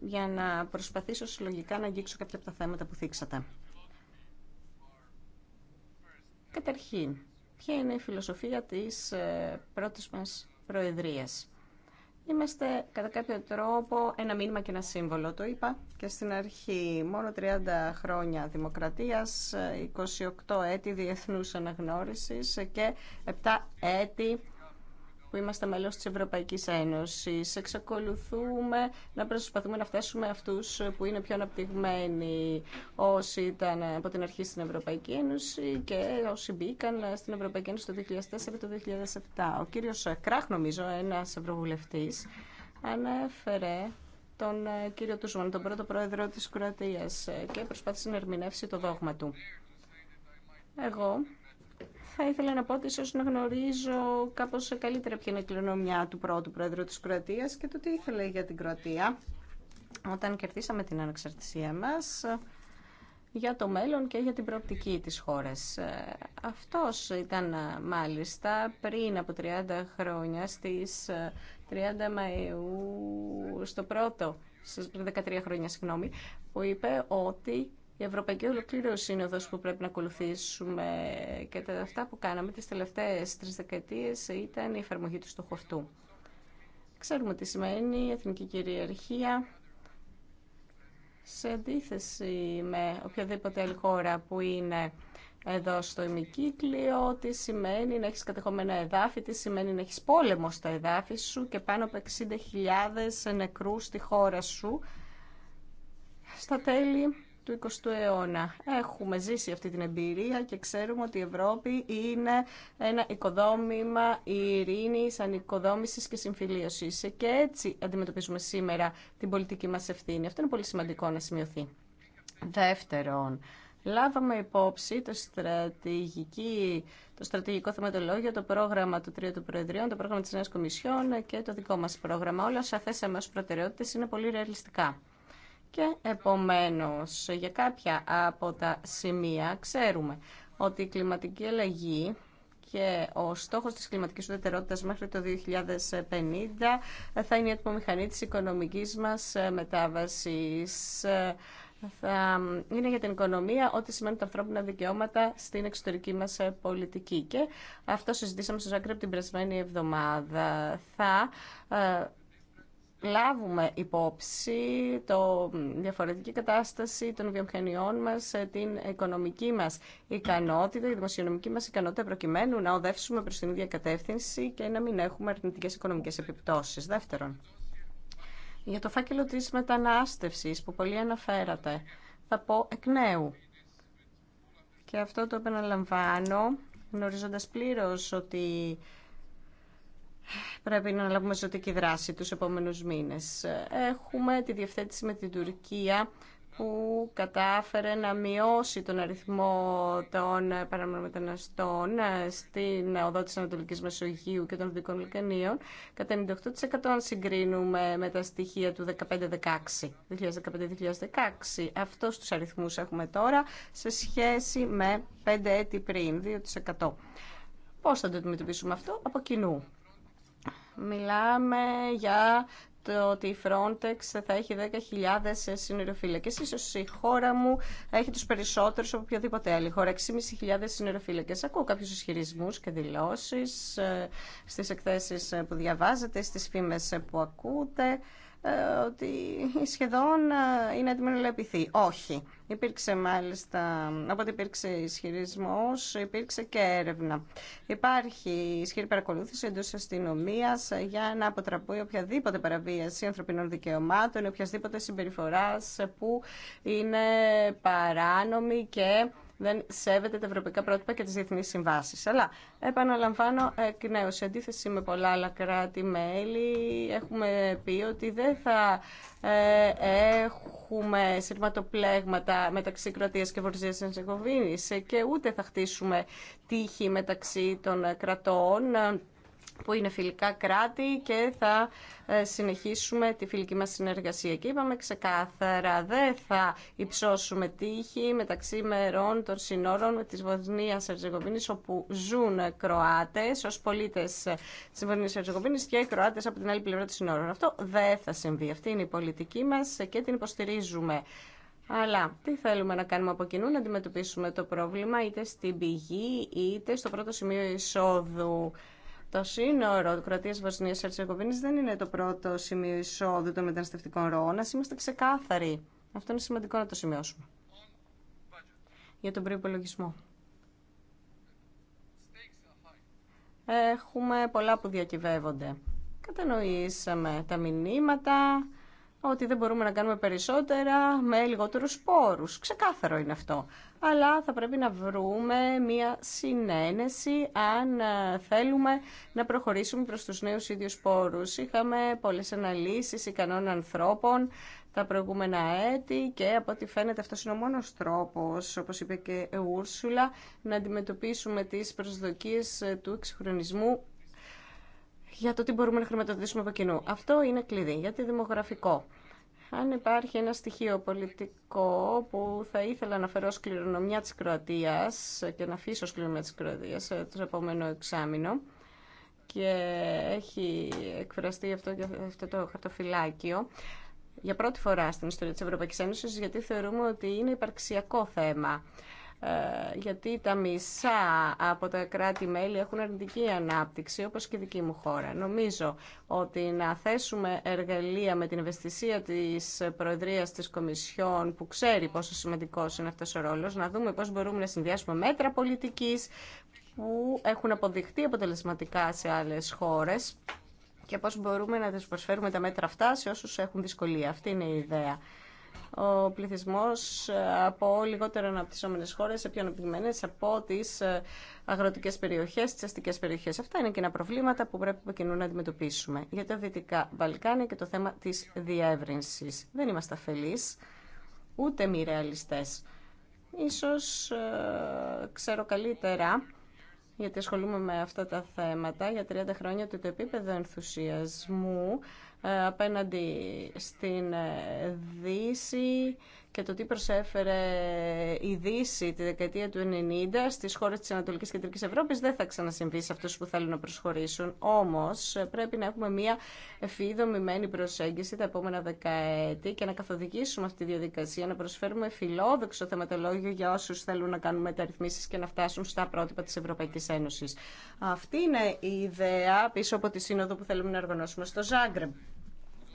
G: για να προσπαθήσω συλλογικά να αγγίξω κάποια από τα θέματα που θίξατε. Καταρχήν, ποια είναι η φιλοσοφία της ε, πρώτης μας προεδρίας. Είμαστε κατά κάποιο τρόπο ένα μήνυμα και ένα σύμβολο, το είπα και στην αρχή. Μόνο 30 χρόνια δημοκρατίας, 28 έτη διεθνούς αναγνώρισης και 7 έτη που είμαστε μέλος της Ευρωπαϊκής Ένωσης. Εξακολουθούμε να προσπαθούμε να φτάσουμε αυτούς που είναι πιο αναπτυγμένοι όσοι ήταν από την αρχή στην Ευρωπαϊκή Ένωση και όσοι μπήκαν στην Ευρωπαϊκή Ένωση το 2004 και το 2007. Ο κύριος Κράχ, νομίζω, ένας ευρωβουλευτής, ανέφερε τον ε, κύριο Τουσμαν, τον πρώτο πρόεδρο της Κροατίας και προσπάθησε να ερμηνεύσει το δόγμα του. Εγώ θα ήθελα να πω ότι ίσω να γνωρίζω κάπω καλύτερα ποια είναι η κληρονομιά του πρώτου πρόεδρου της Κροατίας και το τι ήθελε για την Κροατία όταν κερδίσαμε την ανεξαρτησία μας για το μέλλον και για την προοπτική της χώρας. Ε, αυτός ήταν ε, μάλιστα πριν από 30 χρόνια στις 30 ε, Μαΐου, στο πρώτο, στις 13 χρόνια συγγνώμη, που είπε ότι η ευρωπαϊκή ολοκλήρωση είναι οδός που πρέπει να ακολουθήσουμε και τα αυτά που κάναμε τις τελευταίες τρεις δεκαετίες ήταν η εφαρμογή του στόχου αυτού. Ξέρουμε τι σημαίνει η εθνική κυριαρχία σε αντίθεση με οποιαδήποτε άλλη χώρα που είναι εδώ στο ημικύκλιο, τι σημαίνει να έχεις κατεχόμενα εδάφη, τι σημαίνει να έχεις πόλεμο στα εδάφη σου και πάνω από 60.000 νεκρούς στη χώρα σου. Στα τέλη του 20ου αιώνα. Έχουμε ζήσει αυτή την εμπειρία και ξέρουμε ότι η Ευρώπη είναι ένα οικοδόμημα ειρήνης, ανοικοδόμησης και συμφιλίωσης. Και έτσι αντιμετωπίζουμε σήμερα την πολιτική μας ευθύνη. Αυτό είναι πολύ σημαντικό να σημειωθεί. Δεύτερον, λάβαμε υπόψη το, στρατηγική, το στρατηγικό θεματολόγιο, το πρόγραμμα του Τρίου του το πρόγραμμα της Νέας Κομισιόν και το δικό μας πρόγραμμα. Όλα όσα θέσαμε προτεραιότητες είναι πολύ ρεαλιστικά. Και επομένως για κάποια από τα σημεία ξέρουμε ότι η κλιματική αλλαγή και ο στόχος της κλιματικής ουδετερότητας μέχρι το 2050 θα είναι η ατμομηχανή της οικονομικής μας ε, μετάβασης. Ε, θα ε, είναι για την οικονομία ό,τι σημαίνει τα ανθρώπινα δικαιώματα στην εξωτερική μας πολιτική. Και αυτό συζητήσαμε στο Ζάκρεπ την περασμένη εβδομάδα. Θα λάβουμε υπόψη το διαφορετική κατάσταση των βιομηχανιών μας, ε, την οικονομική μας ικανότητα, τη δημοσιονομική μας ικανότητα προκειμένου να οδεύσουμε προς την ίδια κατεύθυνση και να μην έχουμε αρνητικές οικονομικές επιπτώσεις. Δεύτερον, για το φάκελο της μετανάστευσης που πολύ αναφέρατε, θα πω εκ νέου. Και αυτό το επαναλαμβάνω γνωρίζοντας πλήρως ότι πρέπει να αναλάβουμε ζωτική δράση τους επόμενους μήνες. Έχουμε τη διευθέτηση με την Τουρκία που κατάφερε να μειώσει τον αριθμό των παραμεταναστών στην οδό της Ανατολικής Μεσογείου και των Δυτικών Λυκανίων κατά 98% αν συγκρίνουμε με τα στοιχεία του 2015-2016. 2015-2016. Αυτός τους αριθμούς έχουμε τώρα σε σχέση με 5 έτη πριν, 2%. Πώς θα το αντιμετωπίσουμε αυτό από κοινού. Μιλάμε για το ότι η Frontex θα έχει 10.000 συνοριοφύλακες. Ίσως η χώρα μου έχει τους περισσότερους από οποιαδήποτε άλλη χώρα. 6.500 συνοριοφύλακες. Ακούω κάποιους ισχυρισμούς και δηλώσεις ε, στις εκθέσεις που διαβάζετε, στις φήμες που ακούτε. Ε, ότι σχεδόν ε, είναι έτοιμο να λεπιθεί. Όχι. Υπήρξε μάλιστα, όποτε υπήρξε ισχυρισμό, υπήρξε και έρευνα. Υπάρχει ισχυρή παρακολούθηση εντό αστυνομία για να αποτραπεί οποιαδήποτε παραβίαση ανθρωπινών δικαιωμάτων, οποιασδήποτε συμπεριφορά που είναι παράνομη και δεν σέβεται τα ευρωπαϊκά πρότυπα και τι διεθνεί συμβάσει. Αλλά επαναλαμβάνω εκ νέου, σε αντίθεση με πολλά άλλα κράτη-μέλη, έχουμε πει ότι δεν θα ε, έχουμε σειρματοπλέγματα μεταξύ Κροατία και Βορζία Ενσεκοβίνη και ούτε θα χτίσουμε τύχη μεταξύ των κρατών που είναι φιλικά κράτη και θα ε, συνεχίσουμε τη φιλική μας συνεργασία. Και είπαμε ξεκάθαρα, δεν θα υψώσουμε τύχη μεταξύ μερών των συνόρων της Βοσνίας Ερζεγοβίνης, όπου ζουν Κροάτες ως πολίτες της Βοσνίας Ερζεγοβίνης και Κροάτες από την άλλη πλευρά των συνόρων. Αυτό δεν θα συμβεί. Αυτή είναι η πολιτική μας και την υποστηρίζουμε. Αλλά τι θέλουμε να κάνουμε από κοινού, να αντιμετωπίσουμε το πρόβλημα είτε στην πηγή είτε στο πρώτο σημείο εισόδου. Το σύνορο του κρατια Βοσνία Βοσνία-Ερτσεγοβίνη δεν είναι το πρώτο σημείο εισόδου των μεταναστευτικών ροών. Α είμαστε ξεκάθαροι. Αυτό είναι σημαντικό να το σημειώσουμε. Για τον προπολογισμό. Έχουμε πολλά που διακυβεύονται. Κατανοήσαμε τα μηνύματα ότι δεν μπορούμε να κάνουμε περισσότερα με λιγότερους σπόρους. Ξεκάθαρο είναι αυτό αλλά θα πρέπει να βρούμε μία συνένεση αν ε, θέλουμε να προχωρήσουμε προς τους νέους ίδιους πόρους. Είχαμε πολλές αναλύσεις ικανών ανθρώπων τα προηγούμενα έτη και από ό,τι φαίνεται αυτός είναι ο μόνος τρόπος, όπως είπε και η Ούρσουλα, να αντιμετωπίσουμε τις προσδοκίες ε, του εξυγχρονισμού για το τι μπορούμε να χρηματοδοτήσουμε από κοινού. Αυτό είναι κλειδί, γιατί δημογραφικό αν υπάρχει ένα στοιχείο πολιτικό που θα ήθελα να φέρω ως κληρονομιά της Κροατίας και να αφήσω ως κληρονομιά της Κροατίας ε, το επόμενο εξάμεινο και έχει εκφραστεί αυτό, αυτό το χαρτοφυλάκιο για πρώτη φορά στην ιστορία της Ευρωπαϊκής Ένωσης γιατί θεωρούμε ότι είναι υπαρξιακό θέμα. Ε, γιατί τα μισά από τα κράτη-μέλη έχουν αρνητική ανάπτυξη, όπως και η δική μου χώρα. Νομίζω ότι να θέσουμε εργαλεία με την ευαισθησία της Προεδρίας της Κομισιόν, που ξέρει πόσο σημαντικός είναι αυτός ο ρόλος, να δούμε πώς μπορούμε να συνδυάσουμε μέτρα πολιτικής που έχουν αποδειχτεί αποτελεσματικά σε άλλες χώρες και πώς μπορούμε να τις προσφέρουμε τα μέτρα αυτά σε όσους έχουν δυσκολία. Αυτή είναι η ιδέα ο πληθυσμό ε, από λιγότερο αναπτυσσόμενε χώρε σε πιο αναπτυγμένε, από τι ε, αγροτικέ περιοχέ, τι αστικέ περιοχέ. Αυτά είναι κοινά προβλήματα που πρέπει από κοινού να αντιμετωπίσουμε. Για τα Δυτικά Βαλκάνια και το θέμα τη διεύρυνση. Δεν είμαστε αφελεί, ούτε μη ρεαλιστέ. Ίσως ε, ξέρω καλύτερα γιατί ασχολούμαι με αυτά τα θέματα για 30 χρόνια ότι το επίπεδο ενθουσιασμού απέναντι στην Δύση και το τι προσέφερε η Δύση τη δεκαετία του 90 στις χώρες της Ανατολικής και Κεντρικής Ευρώπης δεν θα ξανασυμβεί σε αυτούς που θέλουν να προσχωρήσουν. Όμως πρέπει να έχουμε μια ευφυδομημένη προσέγγιση τα επόμενα δεκαέτη και να καθοδηγήσουμε αυτή τη διαδικασία, να προσφέρουμε φιλόδοξο θεματολόγιο για όσους θέλουν να κάνουν μεταρρυθμίσεις και να φτάσουν στα πρότυπα της Ευρωπαϊκής Ένωσης. Αυτή είναι η ιδέα πίσω από τη σύνοδο που θέλουμε να οργανώσουμε στο Ζάγκρεμ.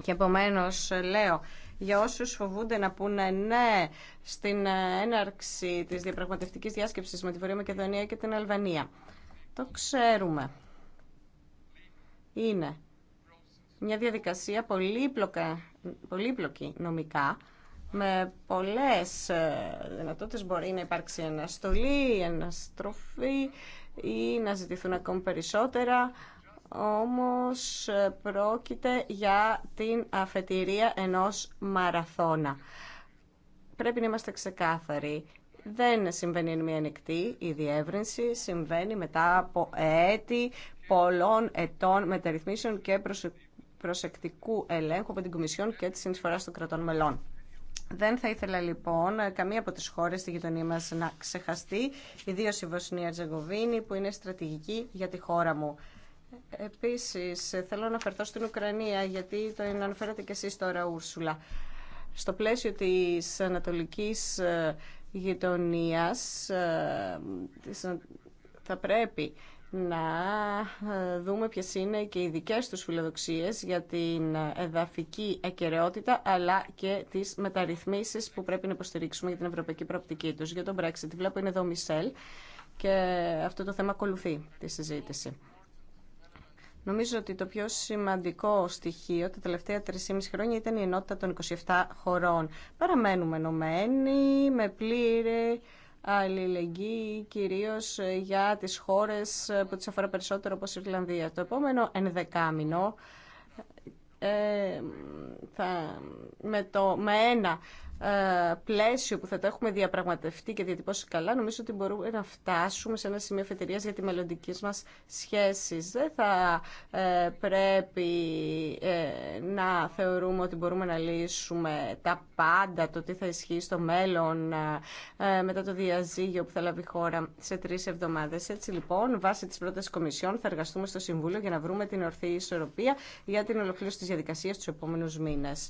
G: Και επομένω λέω, για όσους φοβούνται να πούνε ναι στην ε, έναρξη της διαπραγματευτικής διάσκεψης με τη Βορεια Μακεδονία και την Αλβανία. Το ξέρουμε. Είναι μια διαδικασία πολύπλοκα, πολύπλοκη νομικά, με πολλές ε, δυνατότητες μπορεί να υπάρξει αναστολή, αναστροφή ή να ζητηθούν ακόμη περισσότερα όμως ε, πρόκειται για την αφετηρία ενός μαραθώνα. Πρέπει να είμαστε ξεκάθαροι. Δεν συμβαίνει εν μία νυχτή η διεύρυνση, συμβαίνει μετά από έτη πολλών ετών μεταρρυθμίσεων και προσεκτικού ελέγχου από την Κομισιόν και τη συνεισφορά των κρατών μελών. Δεν θα ήθελα λοιπόν καμία από τις χώρες στη γειτονία μας να ξεχαστεί, ιδίως η Βοσνία που είναι στρατηγική για τη χώρα μου. Επίσης, θέλω να αναφερθώ στην Ουκρανία, γιατί το αναφέρατε και εσείς τώρα, Ούρσουλα. Στο πλαίσιο της ανατολικής ε, γειτονίας ε, θα πρέπει να ε, δούμε ποιες είναι και οι δικές τους φιλοδοξίες για την εδαφική ακαιρεότητα αλλά και τις μεταρρυθμίσεις που πρέπει να υποστηρίξουμε για την ευρωπαϊκή προοπτική τους. Για τον Brexit βλέπω είναι εδώ Μισελ και αυτό το θέμα ακολουθεί τη συζήτηση. Νομίζω ότι το πιο σημαντικό στοιχείο τα τελευταία 3,5 χρόνια ήταν η ενότητα των 27 χωρών. Παραμένουμε ενωμένοι, με πλήρη αλληλεγγύη, κυρίως για τις χώρες που τις αφορά περισσότερο όπως η Ιρλανδία. Το επόμενο ενδεκάμινο ε, θα, με, το, με ένα ε, πλαίσιο που θα το έχουμε διαπραγματευτεί και διατυπώσει καλά, νομίζω ότι μπορούμε να φτάσουμε σε ένα σημείο εφετηρίας για τη μελλοντική μας σχέση. Δεν θα ε, πρέπει ε, να θεωρούμε ότι μπορούμε να λύσουμε τα πάντα, το τι θα ισχύει στο μέλλον μετά το διαζύγιο που θα λάβει η χώρα σε τρεις εβδομάδες. Έτσι λοιπόν, βάσει της πρώτης κομισιόν θα εργαστούμε στο Συμβούλιο για να βρούμε την ορθή ισορροπία για την ολοκλήρωση της διαδικασίας του επόμενου μήνες.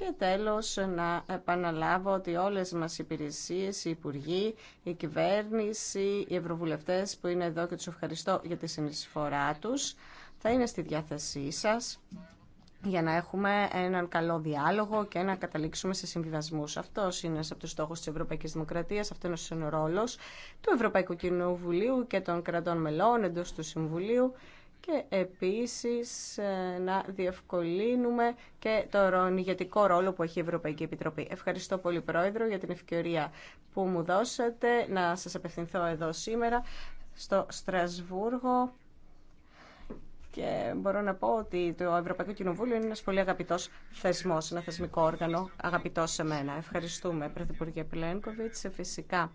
G: Και τέλος να επαναλάβω ότι όλες μας οι υπηρεσίες, οι υπουργοί, η κυβέρνηση, οι ευρωβουλευτές που είναι εδώ και τους ευχαριστώ για τη συνεισφορά τους, θα είναι στη διάθεσή σας για να έχουμε έναν καλό διάλογο και να καταλήξουμε σε συμβιβασμού. Αυτό είναι από του στόχου τη Ευρωπαϊκή Δημοκρατία, αυτό είναι ο ρόλο του Ευρωπαϊκού Κοινοβουλίου και των κρατών μελών εντό του Συμβουλίου και επίσης ε, να διευκολύνουμε και τον ηγετικό ρόλο που έχει η Ευρωπαϊκή Επιτροπή. Ευχαριστώ πολύ Πρόεδρο για την ευκαιρία που μου δώσατε να σας απευθυνθώ εδώ σήμερα στο Στρασβούργο και μπορώ να πω ότι το Ευρωπαϊκό Κοινοβούλιο είναι ένας πολύ αγαπητός θεσμός, ένα θεσμικό όργανο αγαπητό σε μένα. Ευχαριστούμε Πρωθυπουργέ Πλένκοβιτς, φυσικά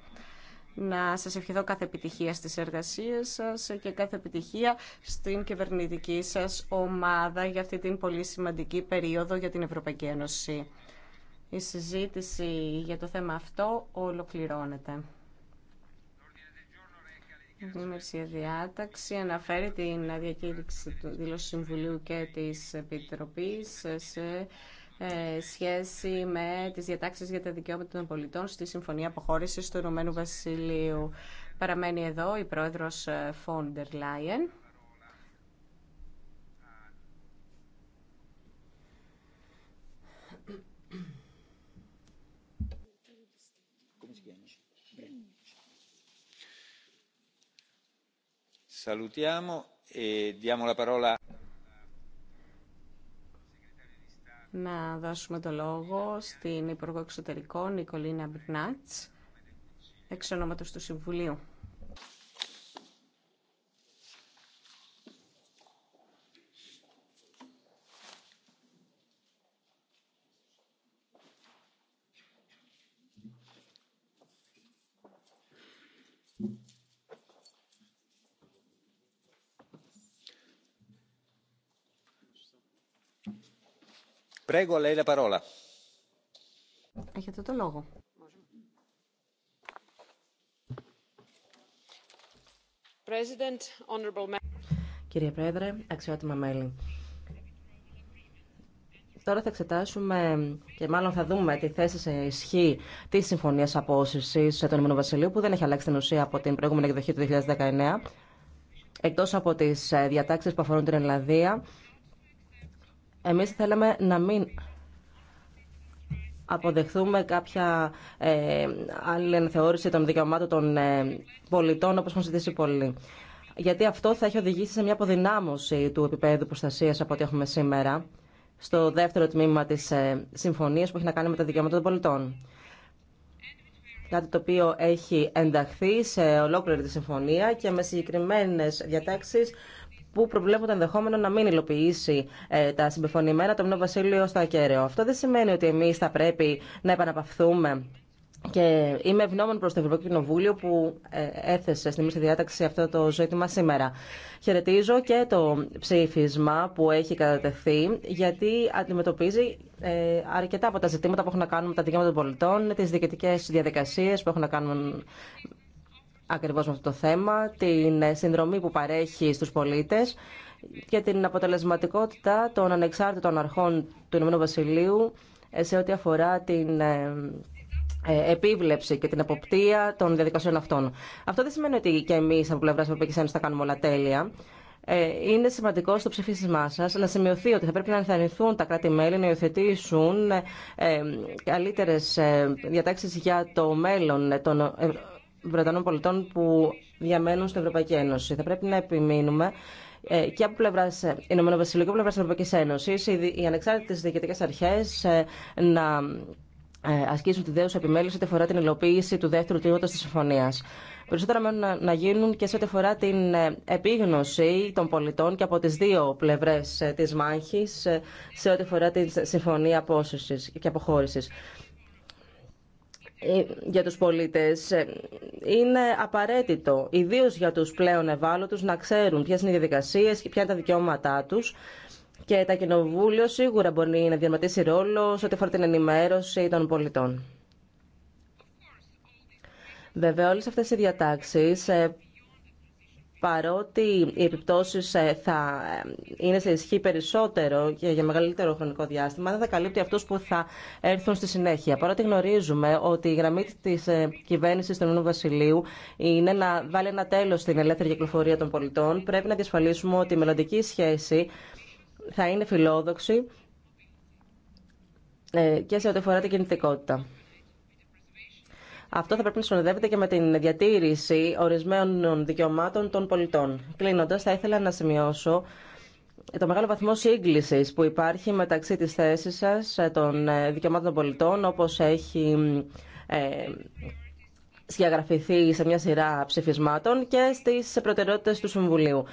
G: να σας ευχηθώ κάθε επιτυχία στις εργασίες σας και κάθε επιτυχία στην κυβερνητική σας ομάδα για αυτή την πολύ σημαντική περίοδο για την Ευρωπαϊκή Ένωση. Η συζήτηση για το θέμα αυτό ολοκληρώνεται. Η διάταξη αναφέρει την διακήρυξη του Συμβουλίου και της Επιτροπής σε ε, σχέση με τις διατάξεις για τα δικαιώματα των πολιτών στη Συμφωνία Αποχώρησης του Ηνωμένου Βασιλείου. Παραμένει εδώ η πρόεδρος Φόντερ Λάιεν.
D: Salutiamo e diamo la parola
G: να δώσουμε το λόγο στην Υπουργό Εξωτερικών Νικολίνα Μπρνάτς, εξ του Συμβουλίου.
D: Prego, λέει, la
G: Έχετε το λόγο.
E: Κύριε Πρόεδρε, αξιότιμα μέλη. Τώρα θα εξετάσουμε και μάλλον θα δούμε τη θέση σε ισχύ τη Συμφωνία Απόσυρση του Ηνωμένου Βασιλείου, που δεν έχει αλλάξει την ουσία από την προηγούμενη εκδοχή του 2019, εκτό από τι ε, διατάξει που αφορούν την Ελλαδία. Εμείς θέλαμε να μην αποδεχθούμε κάποια ε, άλλη ενθεώρηση των δικαιωμάτων των ε, πολιτών, όπως έχουν ζητήσει πολλοί. Γιατί αυτό θα έχει οδηγήσει σε μια αποδυνάμωση του επίπεδου προστασία από ό,τι έχουμε σήμερα, στο δεύτερο τμήμα της ε, συμφωνίας που έχει να κάνει με τα δικαιώματα των πολιτών. Κάτι το οποίο έχει ενταχθεί σε ολόκληρη τη συμφωνία και με συγκεκριμένες διατάξεις που προβλέπουν το ενδεχόμενο να μην υλοποιήσει ε, τα συμπεφωνημένα το Μνό Βασίλειο στο ακέραιο. Αυτό δεν σημαίνει ότι εμεί θα πρέπει να επαναπαυθούμε και είμαι ευγνώμων προ το Ευρωπαϊκό Κοινοβούλιο που ε, έθεσε στην μισή διάταξη αυτό το ζήτημα σήμερα. Χαιρετίζω και το ψήφισμα που έχει κατατεθεί, γιατί αντιμετωπίζει ε, αρκετά από τα ζητήματα που έχουν να κάνουν με τα δικαιώματα των πολιτών, τι διοικητικέ διαδικασίε που έχουν να κάνουν ακριβώς με αυτό το θέμα, την συνδρομή που παρέχει στους πολίτες και την αποτελεσματικότητα των ανεξάρτητων αρχών του Ηνωμένου Βασιλείου σε ό,τι αφορά την ε, ε, επίβλεψη και την εποπτεία των διαδικασιών αυτών. Αυτό δεν σημαίνει ότι και εμεί από πλευρά Ευρωπαϊκή Ένωση θα κάνουμε όλα τέλεια. Ε, είναι σημαντικό στο ψηφίσμα σα να σημειωθεί ότι θα πρέπει να ενθαρρυνθούν τα κράτη-μέλη να υιοθετήσουν καλύτερε διατάξει για το μέλλον των Βρετανών πολιτών που διαμένουν στην Ευρωπαϊκή Ένωση. Θα πρέπει να επιμείνουμε ε, και από πλευρά ε, Ηνωμένων Βασιλικών, πλευρά Ευρωπαϊκή Ένωση οι ανεξάρτητε διοικητικέ αρχέ ε, να ασκήσουν τη δέουσα επιμέλεια σε ό,τι αφορά την υλοποίηση του δεύτερου τμήματο τη συμφωνία. Περισσότερα μένουν να γίνουν και σε ό,τι αφορά την επίγνωση των πολιτών και από τι δύο πλευρέ τη μάχη σε ό,τι αφορά τη συμφωνία απόσυρση και αποχώρηση. Ε, για τους πολίτες. Ε, είναι απαραίτητο, ιδίως για τους πλέον ευάλωτους, να ξέρουν ποιες είναι οι διαδικασίες και ποια είναι τα δικαιώματά τους. Και τα κοινοβούλιο σίγουρα μπορεί να διαρματίσει ρόλο σε ό,τι αφορά την ενημέρωση των πολιτών. Βέβαια, όλες αυτές οι διατάξεις ε, παρότι οι επιπτώσεις ε, θα ε, είναι σε ισχύ περισσότερο και για μεγαλύτερο χρονικό διάστημα, δεν θα καλύπτει αυτούς που θα έρθουν στη συνέχεια. Παρότι γνωρίζουμε ότι η γραμμή της ε, κυβέρνηση του Ηνωμένου Βασιλείου είναι να βάλει ένα τέλος στην ελεύθερη κυκλοφορία των πολιτών, πρέπει να διασφαλίσουμε ότι η μελλοντική σχέση θα είναι φιλόδοξη και σε ό,τι αφορά την κινητικότητα. Αυτό θα πρέπει να συνοδεύεται και με την διατήρηση ορισμένων δικαιωμάτων των πολιτών. Κλείνοντα, θα ήθελα να σημειώσω το μεγάλο βαθμό σύγκληση που υπάρχει μεταξύ τη θέση σα ε, των ε, δικαιωμάτων των πολιτών, όπω έχει ε, σχεδιαγραφηθεί σε μια σειρά ψηφισμάτων και στι προτεραιότητε του Συμβουλίου.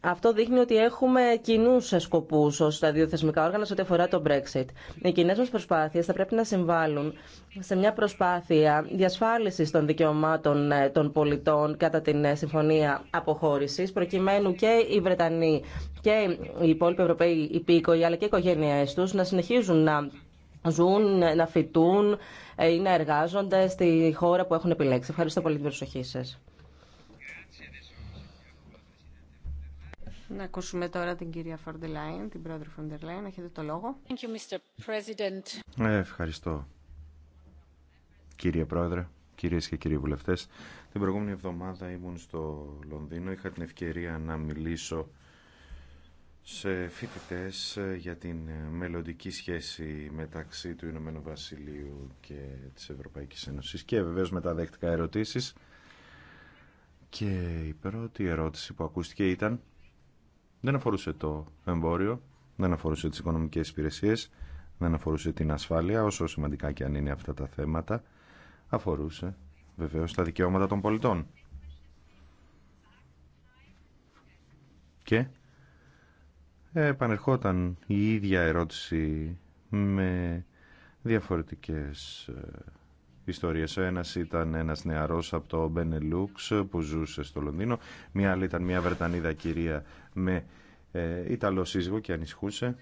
E: Αυτό δείχνει ότι έχουμε κοινού σκοπού ω τα δύο θεσμικά όργανα σε ό,τι αφορά το Brexit. Οι κοινέ μα προσπάθειε θα πρέπει να συμβάλλουν σε μια προσπάθεια διασφάλιση των δικαιωμάτων ε, των πολιτών κατά την ε, συμφωνία αποχώρηση, προκειμένου και οι Βρετανοί και οι υπόλοιποι Ευρωπαίοι υπήκοοι, αλλά και οι οικογένειέ του να συνεχίζουν να ζουν, να φοιτούν ε, ή να εργάζονται στη χώρα που έχουν επιλέξει. Ευχαριστώ πολύ την προσοχή σας.
G: Να ακούσουμε τώρα την κυρία Φορντελάιν, την πρόεδρο Φορντελάιν. Έχετε το λόγο. you, Mr.
F: Ε, ευχαριστώ, κύριε πρόεδρε, κυρίες και κύριοι βουλευτές. Την προηγούμενη εβδομάδα ήμουν στο Λονδίνο. Είχα την ευκαιρία να μιλήσω σε φοιτητέ ε, για την μελλοντική σχέση μεταξύ του Ηνωμένου Βασιλείου και της Ευρωπαϊκής Ένωσης και βεβαίως μεταδέχτηκα ερωτήσεις και η πρώτη ερώτηση που ακούστηκε ήταν δεν αφορούσε το εμπόριο, δεν αφορούσε τις οικονομικές υπηρεσίες, δεν αφορούσε την ασφάλεια, όσο σημαντικά και αν είναι αυτά τα θέματα, αφορούσε βεβαίως τα δικαιώματα των πολιτών. Και επανερχόταν η ίδια ερώτηση με διαφορετικές ε, ιστορίες. Ο ένας ήταν ένας νεαρός από το Μπενελούξ που ζούσε στο Λονδίνο. Μία άλλη ήταν μια Βρετανίδα κυρία με ε, Ιταλό σύζυγο και ανησυχούσε.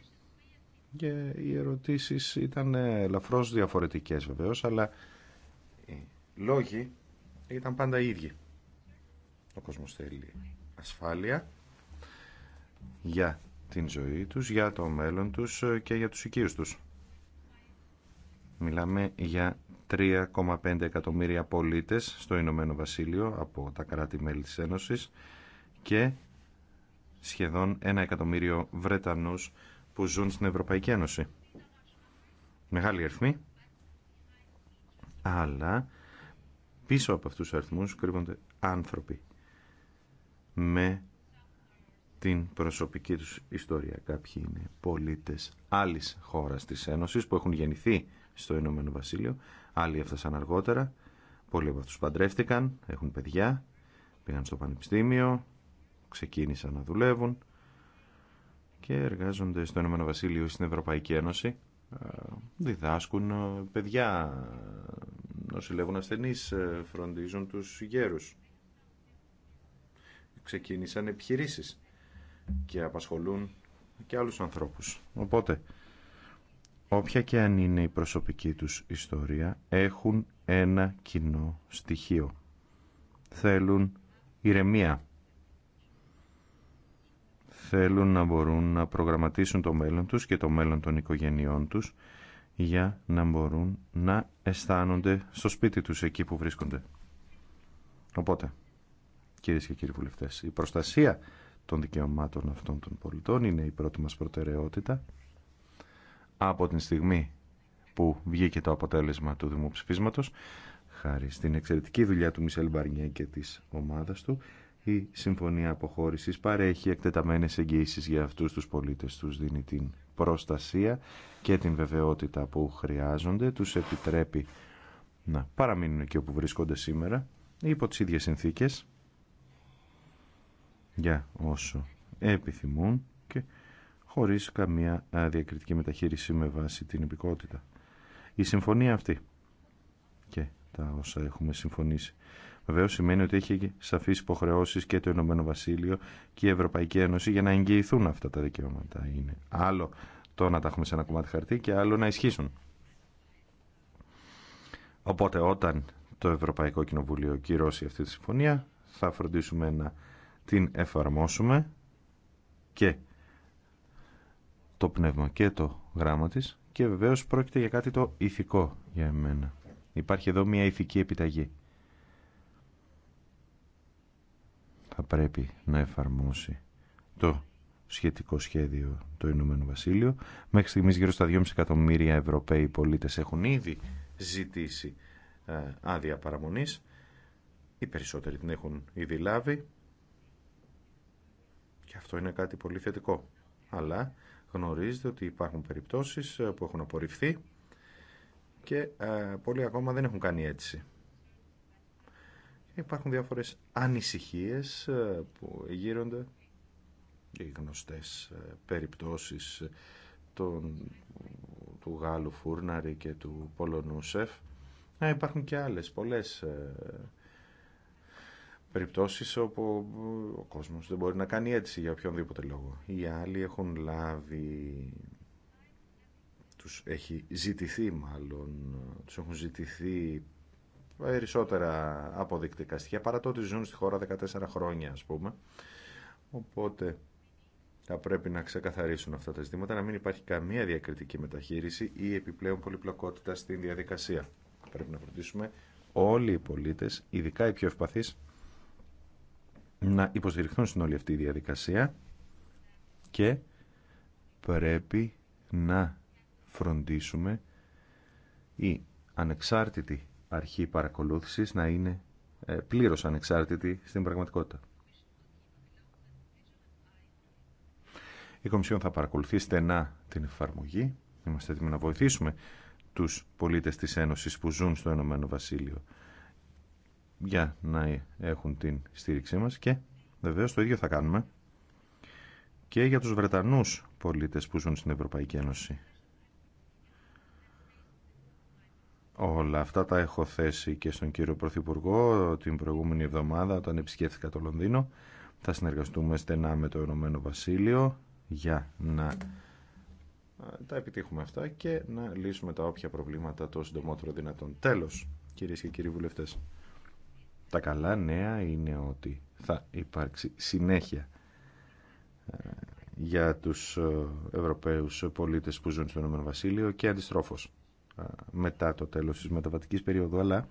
F: Και οι ερωτήσεις ήταν ε, ελαφρώς διαφορετικές βεβαίως, αλλά οι λόγοι ήταν πάντα οι ίδιοι. Ο κόσμος θέλει ασφάλεια για την ζωή τους, για το μέλλον τους και για τους οικείους τους. Μιλάμε για 3,5 εκατομμύρια πολίτες στο Ηνωμένο Βασίλειο από τα κράτη-μέλη της Ένωσης και σχεδόν 1 εκατομμύριο Βρετανούς που ζουν στην Ευρωπαϊκή Ένωση. Μεγάλη αριθμή, αλλά πίσω από αυτούς τους αριθμούς κρύβονται άνθρωποι με την προσωπική τους ιστορία. Κάποιοι είναι πολίτες άλλης χώρας της Ένωσης που έχουν γεννηθεί στο Ηνωμένο Βασίλειο, Άλλοι έφτασαν αργότερα. Πολλοί από αυτούς παντρεύτηκαν, έχουν παιδιά, πήγαν στο πανεπιστήμιο, ξεκίνησαν να δουλεύουν και εργάζονται στο Ηνωμένο Βασίλειο στην Ευρωπαϊκή Ένωση. Ε, διδάσκουν ε, παιδιά, νοσηλεύουν ασθενείς, ε, φροντίζουν τους γέρους. Ξεκίνησαν επιχειρήσεις και απασχολούν και άλλους ανθρώπους. Οπότε όποια και αν είναι η προσωπική τους ιστορία, έχουν ένα κοινό στοιχείο. Θέλουν ηρεμία. Θέλουν να μπορούν να προγραμματίσουν το μέλλον τους και το μέλλον των οικογενειών τους για να μπορούν να αισθάνονται στο σπίτι τους εκεί που βρίσκονται. Οπότε, κυρίε και κύριοι βουλευτές, η προστασία των δικαιωμάτων αυτών των πολιτών είναι η πρώτη μας προτεραιότητα από την στιγμή που βγήκε το αποτέλεσμα του δημοψηφίσματος, χάρη στην εξαιρετική δουλειά του Μισελ Μπαρνιέ και της ομάδας του, η Συμφωνία Αποχώρησης παρέχει εκτεταμένες εγγύησεις για αυτούς τους πολίτες, τους δίνει την προστασία και την βεβαιότητα που χρειάζονται, τους επιτρέπει να παραμείνουν εκεί όπου βρίσκονται σήμερα, υπό τις ίδιες συνθήκες, για όσο επιθυμούν χωρίς καμία διακριτική μεταχείριση με βάση την υπηκότητα. Η συμφωνία αυτή και τα όσα έχουμε συμφωνήσει βεβαίως σημαίνει ότι έχει σαφείς υποχρεώσεις και το Ηνωμένο Βασίλειο και η Ευρωπαϊκή Ένωση για να εγγυηθούν αυτά τα δικαιώματα. Είναι άλλο το να τα έχουμε σε ένα κομμάτι χαρτί και άλλο να ισχύσουν. Οπότε όταν το Ευρωπαϊκό Κοινοβούλιο κυρώσει αυτή τη συμφωνία θα φροντίσουμε να την εφαρμόσουμε και το πνεύμα και το γράμμα της και βεβαίως πρόκειται για κάτι το ηθικό για εμένα. Υπάρχει εδώ μια ηθική επιταγή. Θα πρέπει να εφαρμόσει το σχετικό σχέδιο το Ηνωμένο Βασίλειο. Μέχρι στιγμής γύρω στα 2,5 εκατομμύρια Ευρωπαίοι πολίτες έχουν ήδη ζητήσει ε, άδεια παραμονής. Οι περισσότεροι την έχουν ήδη λάβει και αυτό είναι κάτι πολύ θετικό. Αλλά γνωρίζετε ότι υπάρχουν περιπτώσεις ε, που έχουν απορριφθεί και ε, πολλοί ακόμα δεν έχουν κάνει έτσι. Υπάρχουν διάφορες ανησυχίες ε, που γύρονται οι γνωστές περιπτώσεις των, του Γάλλου Φούρναρη και του Πολωνού Σεφ. υπάρχουν και άλλες πολλές περιπτώσεις όπου ε, ο κόσμος δεν μπορεί να κάνει έτσι για οποιονδήποτε λόγο. Οι άλλοι έχουν λάβει, τους έχει ζητηθεί μάλλον, τους έχουν ζητηθεί περισσότερα αποδεικτικά στοιχεία παρά το ότι ζουν στη χώρα 14 χρόνια ας πούμε. Οπότε θα πρέπει να ξεκαθαρίσουν αυτά τα ζητήματα, να μην υπάρχει καμία διακριτική μεταχείριση ή επιπλέον πολυπλοκότητα στην διαδικασία. Πρέπει να φροντίσουμε όλοι οι πολίτες, ειδικά οι πιο ευπαθείς, να υποστηριχθούν στην όλη αυτή η διαδικασία και πρέπει να φροντίσουμε η ανεξάρτητη αρχή παρακολούθησης να είναι ε, πλήρως ανεξάρτητη στην πραγματικότητα. Η Κομισιόν θα παρακολουθεί στενά την εφαρμογή. Είμαστε έτοιμοι να βοηθήσουμε τους πολίτες της Ένωσης που ζουν στο Ενωμένο Βασίλειο για να έχουν την στήριξή μας και βεβαίως το ίδιο θα κάνουμε και για τους Βρετανούς πολίτες που ζουν στην Ευρωπαϊκή Ένωση. Όλα αυτά τα έχω θέσει και στον κύριο Πρωθυπουργό την προηγούμενη εβδομάδα όταν επισκέφθηκα το Λονδίνο. Θα συνεργαστούμε στενά με το Ηνωμένο Βασίλειο για να τα επιτύχουμε αυτά και να λύσουμε τα όποια προβλήματα το συντομότερο δυνατόν. Τέλος, κυρίες και κύριοι βουλευτές. Τα καλά νέα είναι ότι θα υπάρξει συνέχεια ε, για τους ε, Ευρωπαίους πολίτες που ζουν στο Ηνωμένο Βασίλειο και αντιστρόφως ε, μετά το τέλος της μεταβατικής περίοδου αλλά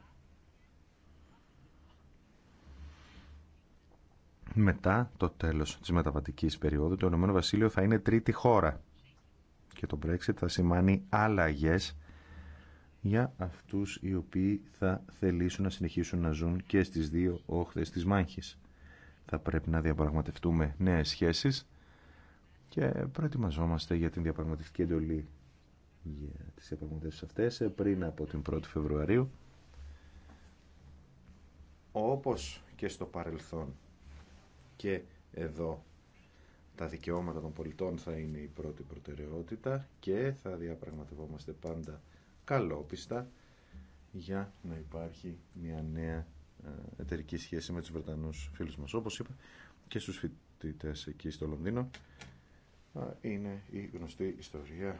F: μετά το τέλος της μεταβατικής περίοδου το Ηνωμένο Βασίλειο θα είναι τρίτη χώρα και το Brexit θα σημάνει άλλαγες για αυτούς οι οποίοι θα θελήσουν να συνεχίσουν να ζουν και στις δύο όχθες της μάχης. Θα πρέπει να διαπραγματευτούμε νέες σχέσεις και προετοιμαζόμαστε για την διαπραγματευτική εντολή για τις διαπραγματεύσεις αυτές πριν από την 1η Φεβρουαρίου. Όπως και στο παρελθόν και εδώ τα δικαιώματα των πολιτών θα είναι η πρώτη προτεραιότητα και θα διαπραγματευόμαστε πάντα καλόπιστα για να υπάρχει μια νέα ε, εταιρική σχέση με τους Βρετανούς φίλους μας. Όπως είπα και στους φοιτητέ εκεί στο Λονδίνο ε, είναι η γνωστή ιστορία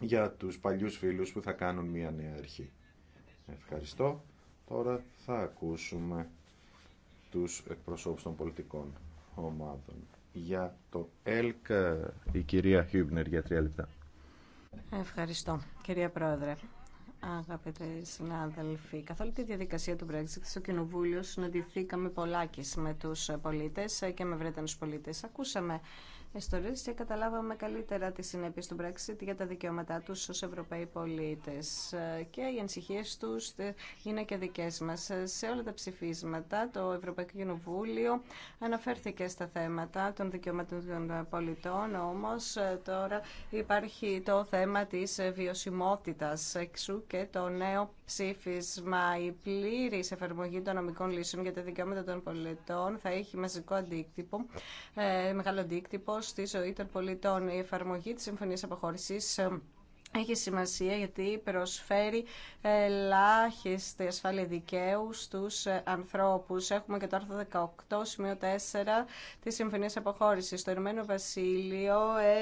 F: για τους παλιούς φίλους που θα κάνουν μια νέα αρχή. Ευχαριστώ. Τώρα θα ακούσουμε τους εκπροσώπους των πολιτικών ομάδων. Για το ΕΛΚ η κυρία Χιούμπνερ για τρία λεπτά.
G: Ευχαριστώ, κυρία Πρόεδρε. Αγαπητοί συνάδελφοι, καθ' όλη τη διαδικασία του Brexit στο Κοινοβούλιο συναντηθήκαμε πολλάκι με τους πολίτες και με Βρετανούς πολίτες. Ακούσαμε ιστορίες και καταλάβαμε καλύτερα τις συνέπειες του Brexit για τα δικαιώματά τους ως Ευρωπαίοι πολίτες. Και οι ανησυχίες τους είναι και δικές μας. Σε όλα τα ψηφίσματα το Ευρωπαϊκό Κοινοβούλιο αναφέρθηκε στα θέματα των δικαιωμάτων των πολιτών, όμως τώρα υπάρχει το θέμα της βιωσιμότητας εξού και το νέο ψήφισμα. Η πλήρη εφαρμογή των νομικών λύσεων για τα δικαιώματα των πολιτών θα έχει μαζικό αντίκτυπο, ε, μεγάλο αντίκτυπο στη ζωή των πολιτών. Η εφαρμογή της Συμφωνίας Αποχώρησης έχει σημασία γιατί προσφέρει ελάχιστη ασφάλεια δικαίου στους ε, ανθρώπους. Έχουμε και το άρθρο 18, σημείο 4 της Συμφωνίας Αποχώρησης. Το Ηνωμένο Βασίλειο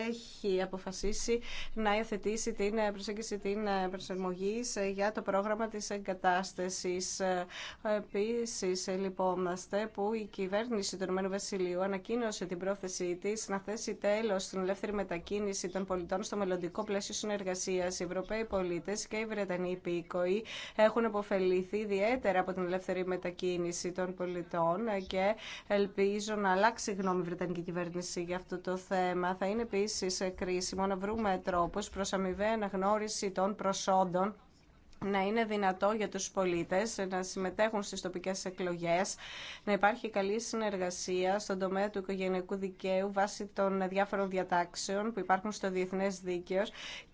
G: έχει αποφασίσει να υιοθετήσει την ε, προσέγγιση την ε, προσαρμογή για το πρόγραμμα της εγκατάστασης. Επίσης, λυπόμαστε που η κυβέρνηση του Ηνωμένου Βασιλείου ανακοίνωσε την πρόθεσή της να θέσει τέλος στην ελεύθερη μετακίνηση των πολιτών στο μελλοντικό πλαίσιο συνεργασία. Οι Ευρωπαίοι πολίτε και οι Βρετανοί υπήκοοι έχουν αποφεληθεί ιδιαίτερα από την ελεύθερη μετακίνηση των πολιτών και ελπίζω να αλλάξει γνώμη η Βρετανική κυβέρνηση για αυτό το θέμα. Θα είναι επίση κρίσιμο να βρούμε τρόπου προ αμοιβαία αναγνώριση των προσόντων να είναι δυνατό για τους πολίτες να συμμετέχουν στις τοπικές εκλογές, να υπάρχει καλή συνεργασία στον τομέα του οικογενειακού δικαίου βάσει των διάφορων διατάξεων που υπάρχουν στο διεθνές δίκαιο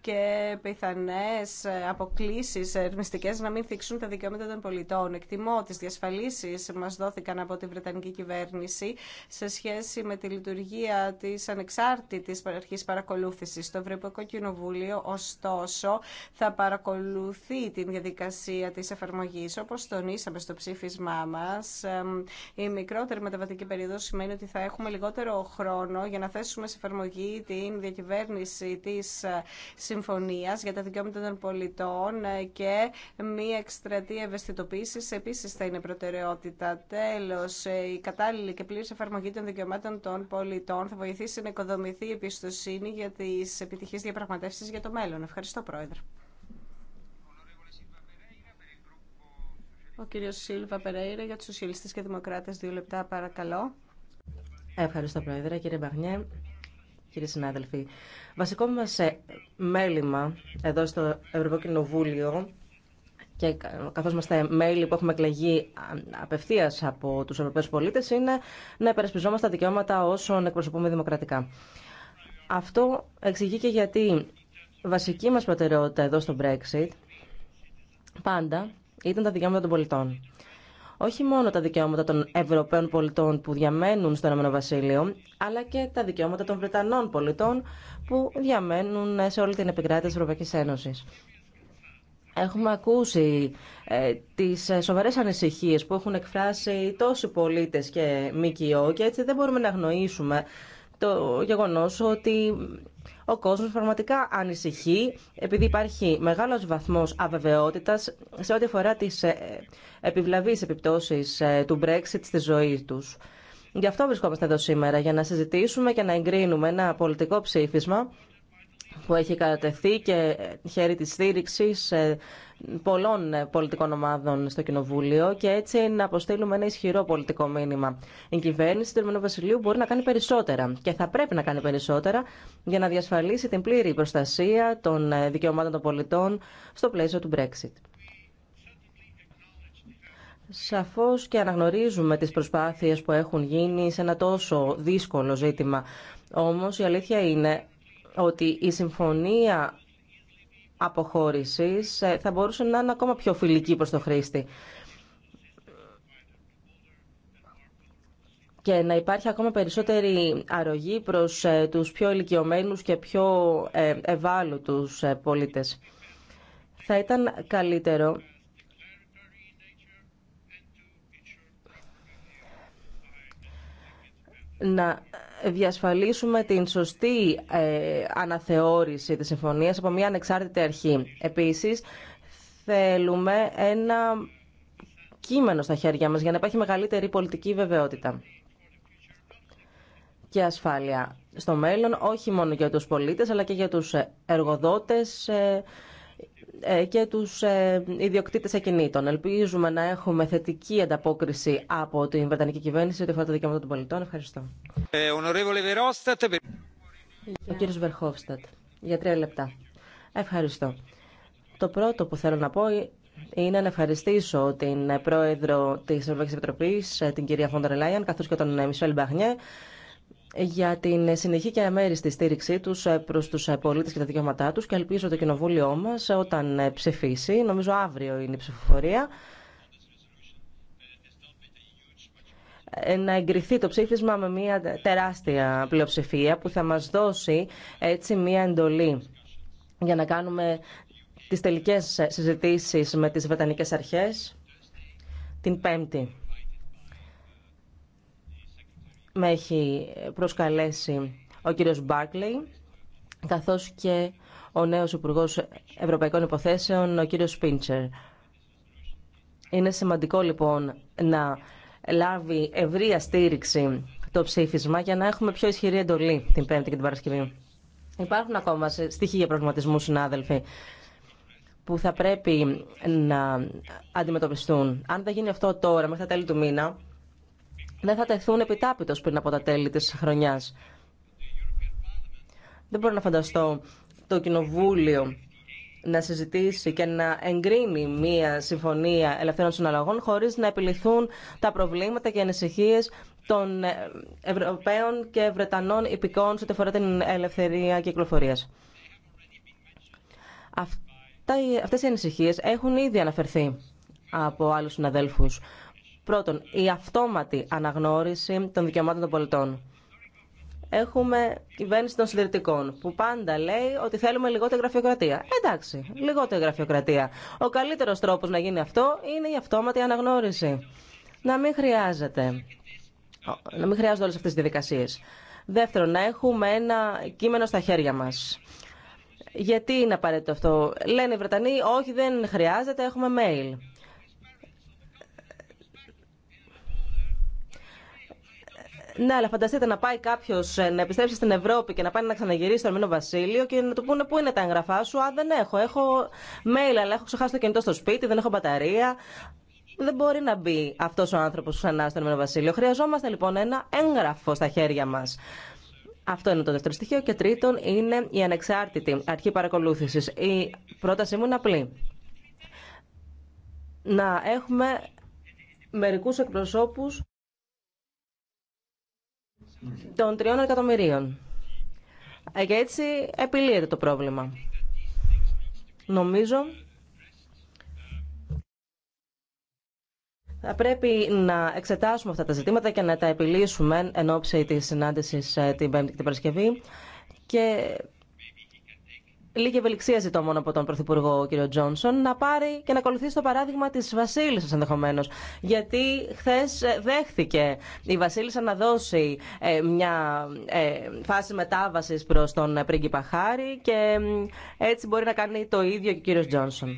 G: και πιθανές αποκλήσεις ερμιστικές να μην θίξουν τα δικαιώματα των πολιτών. Εκτιμώ τις διασφαλίσεις που μας δόθηκαν από τη Βρετανική κυβέρνηση σε σχέση με τη λειτουργία της ανεξάρτητης αρχής παρακολούθησης. Το Ευρωπαϊκό Κοινοβούλιο, ωστόσο, θα παρακολουθεί την διαδικασία της εφαρμογής. Όπως τονίσαμε στο ψήφισμά μας, η μικρότερη μεταβατική περίοδος σημαίνει ότι θα έχουμε λιγότερο χρόνο για να θέσουμε σε εφαρμογή την διακυβέρνηση της ε, συμφωνίας για τα δικαιώματα των πολιτών ε, και μία εκστρατή ευαισθητοποίηση επίσης θα είναι προτεραιότητα. Τέλος, ε, η κατάλληλη και πλήρης εφαρμογή των δικαιωμάτων των πολιτών θα βοηθήσει να οικοδομηθεί η εμπιστοσύνη για τις επιτυχείς διαπραγματεύσεις για το μέλλον. Ευχαριστώ, Πρόεδρε. Ο κύριος Σίλβα Περέιρα για τους Σοσιαλιστές και Δημοκράτες. Δύο λεπτά παρακαλώ.
E: Ευχαριστώ Πρόεδρε, κύριε Μπαγνιέ, κύριοι συνάδελφοι. Βασικό μας ε, μέλημα εδώ στο Ευρωπαϊκό Κοινοβούλιο και καθώς είμαστε μέλη που έχουμε εκλεγεί απευθείας από τους Ευρωπαίους πολίτες είναι να υπερασπιζόμαστε τα δικαιώματα όσων εκπροσωπούμε δημοκρατικά. Αυτό εξηγεί και γιατί βασική μας προτεραιότητα εδώ στο Brexit πάντα ήταν τα δικαιώματα των πολιτών. Όχι μόνο τα δικαιώματα των Ευρωπαίων πολιτών που διαμένουν στο Ηνωμένο Βασίλειο, αλλά και τα δικαιώματα των Βρετανών πολιτών που διαμένουν σε όλη την επικράτεια της Ευρωπαϊκής Ένωσης. Έχουμε ακούσει ε, τις ε, σοβαρές ανησυχίες που έχουν εκφράσει τόσοι πολίτες και ΜΚΟ και έτσι δεν μπορούμε να αγνοήσουμε το γεγονός ότι ο κόσμος πραγματικά ανησυχεί επειδή υπάρχει μεγάλος βαθμός αβεβαιότητας σε ό,τι αφορά τις ε, επιβλαβείς επιπτώσεις ε, του Brexit στη ζωή τους. Γι' αυτό βρισκόμαστε εδώ σήμερα, για να συζητήσουμε και να εγκρίνουμε ένα πολιτικό ψήφισμα που έχει κατατεθεί και χέρι τη στήριξη ε, πολλών πολιτικών ομάδων στο Κοινοβούλιο και έτσι να αποστείλουμε ένα ισχυρό πολιτικό μήνυμα. Η κυβέρνηση του Ερμηνού Βασιλείου μπορεί να κάνει περισσότερα και θα πρέπει να κάνει περισσότερα για να διασφαλίσει την πλήρη προστασία των ε, δικαιωμάτων των πολιτών στο πλαίσιο του Brexit. Σαφώς και αναγνωρίζουμε τις προσπάθειες που έχουν γίνει σε ένα τόσο δύσκολο ζήτημα. Όμως η αλήθεια είναι ότι η συμφωνία αποχώρησης ε, θα μπορούσε να είναι ακόμα πιο φιλική προς το χρήστη. και να υπάρχει ακόμα περισσότερη αρρωγή προς ε, τους πιο ηλικιωμένους και πιο ε, ευάλωτους πολίτες. Θα ήταν καλύτερο να διασφαλίσουμε την σωστή ε, αναθεώρηση της συμφωνίας από μια ανεξάρτητη αρχή. Επίσης, θέλουμε ένα κείμενο στα χέρια μας για να υπάρχει μεγαλύτερη πολιτική βεβαιότητα και ασφάλεια στο μέλλον, όχι μόνο για τους πολίτες, αλλά και για τους εργοδότες ε, ε, και τους ε, ιδιοκτήτες ακινήτων. Ελπίζουμε να έχουμε θετική ανταπόκριση από την Βρετανική κυβέρνηση ό,τι αφορά τα δικαιώματα των πολιτών. Ευχαριστώ. Ε, Ο κύριος Βερχόφστατ, για τρία λεπτά. Ευχαριστώ. Το πρώτο που θέλω να πω είναι να ευχαριστήσω την πρόεδρο της Ευρωπαϊκής Επιτροπής, την κυρία Φόντερ Λάιαν, καθώς και τον Μισελ Μπαχνιέ για την συνεχή και αμέριστη στήριξή του προ τους ε, ε, πολίτε και τα δικαιώματά τους και ελπίζω το κοινοβούλιο μα ε, όταν ψηφίσει, νομίζω αύριο είναι η ψηφοφορία, να εγκριθεί το ψήφισμα με μια τεράστια πλειοψηφία που θα μας δώσει έτσι μια εντολή για να κάνουμε τις τελικές συζητήσεις με τις Βρετανικές Αρχές την Πέμπτη με έχει προσκαλέσει ο κύριος Μπάρκλεϊ, καθώς και ο νέος Υπουργός Ευρωπαϊκών Υποθέσεων, ο κύριος Σπίντσερ. Είναι σημαντικό λοιπόν να λάβει ευρεία στήριξη το ψήφισμα για να έχουμε πιο ισχυρή εντολή την Πέμπτη και την Παρασκευή. Υπάρχουν ακόμα στοιχεία για προβληματισμού, συνάδελφοι, που θα πρέπει να αντιμετωπιστούν. Αν δεν γίνει αυτό τώρα, μέχρι τα τέλη του μήνα, δεν θα τεθούν επιτάπητος πριν από τα τέλη της χρονιάς. Δεν μπορώ να φανταστώ το Κοινοβούλιο να συζητήσει και να εγκρίνει μία συμφωνία ελευθερών συναλλαγών χωρίς να επιληθούν τα προβλήματα και ανησυχίε των Ευρωπαίων και Βρετανών υπηκών σε ό,τι αφορά την ελευθερία κυκλοφορίας. Αυτά, αυτές οι ανησυχίες έχουν ήδη αναφερθεί από άλλους συναδέλφους. Πρώτον, η αυτόματη αναγνώριση των δικαιωμάτων των πολιτών. Έχουμε κυβέρνηση των συντηρητικών που πάντα λέει ότι θέλουμε λιγότερη γραφειοκρατία. Ε, εντάξει, λιγότερη γραφειοκρατία. Ο καλύτερο τρόπο να γίνει αυτό είναι η αυτόματη αναγνώριση. Να μην χρειάζεται. Να μην χρειάζονται όλε αυτέ τι διαδικασίε. Δεύτερον, να έχουμε ένα κείμενο στα χέρια μα. Γιατί είναι απαραίτητο αυτό. Λένε οι Βρετανοί, όχι δεν χρειάζεται, έχουμε mail. Ναι, αλλά φανταστείτε να πάει κάποιο ε, να επιστρέψει στην Ευρώπη και να πάει να ξαναγυρίσει στο Αρμίνο Βασίλειο και να του πούνε πού είναι τα εγγραφά σου. Α, δεν έχω. Έχω mail, αλλά έχω ξεχάσει το κινητό στο σπίτι, δεν έχω μπαταρία. Δεν μπορεί να μπει αυτό ο άνθρωπο ξανά στο Ηνωμένο Βασίλειο. Χρειαζόμαστε λοιπόν ένα έγγραφο στα χέρια μα. Αυτό είναι το δεύτερο στοιχείο. Και τρίτον είναι η ανεξάρτητη αρχή παρακολούθηση. Η πρότασή μου είναι απλή. Να έχουμε μερικού εκπροσώπους των τριών εκατομμυρίων. Και έτσι επιλύεται το πρόβλημα. Νομίζω θα πρέπει να εξετάσουμε αυτά τα ζητήματα και να τα επιλύσουμε εν ώψη της συνάντησης ε, την Πέμπτη και την Παρασκευή. Και Λίγη ευελιξία ζητώ μόνο από τον Πρωθυπουργό κ. Τζόνσον να πάρει και να ακολουθήσει το παράδειγμα τη Βασίλισσα ενδεχομένω. Γιατί χθε ε, δέχθηκε η Βασίλισσα να δώσει ε, μια ε, φάση μετάβαση προ τον πρίγκιπα Χάρη και έτσι μπορεί να κάνει το ίδιο και ο κ. Τζόνσον.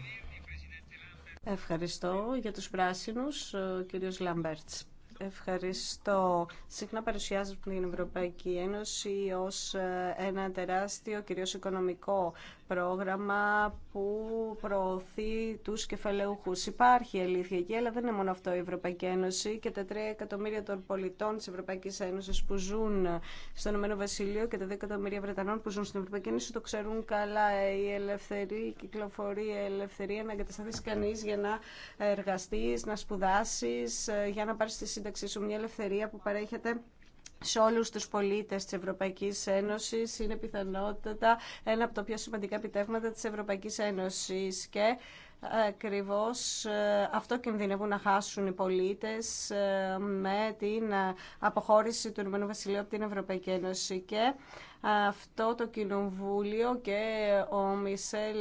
G: Ευχαριστώ για τους πράσινους, ο κύριος Λαμπέρτς. Ευχαριστώ. Συχνά παρουσιάζουν την Ευρωπαϊκή Ένωση ως ε, ένα τεράστιο, κυρίως οικονομικό πρόγραμμα που προωθεί τους κεφαλαίουχους. Υπάρχει αλήθεια εκεί, αλλά δεν είναι μόνο αυτό η Ευρωπαϊκή Ένωση και τα 3 εκατομμύρια των πολιτών της Ευρωπαϊκής Ένωσης που ζουν στον Ηνωμένο Βασιλείο και τα 2 εκατομμύρια Βρετανών που ζουν στην Ευρωπαϊκή Ένωση το ξέρουν καλά. Η ελευθερή κυκλοφορία, η ελευθερία να εγκατασταθεί κανεί για να εργαστείς, να σπουδάσεις, ε, για να πάρεις τη εξίσου μια ελευθερία που παρέχεται σε όλους τους πολίτες της Ευρωπαϊκής Ένωση. είναι πιθανότατα ένα από τα πιο σημαντικά επιτεύγματα της Ευρωπαϊκής Ένωση και Ακριβώς ε, αυτό κινδυνεύουν να χάσουν οι πολίτες ε, με την ε, αποχώρηση του Ηνωμένου Βασιλείου από την Ευρωπαϊκή Ένωση και αυτό το κοινοβούλιο και ο Μισελ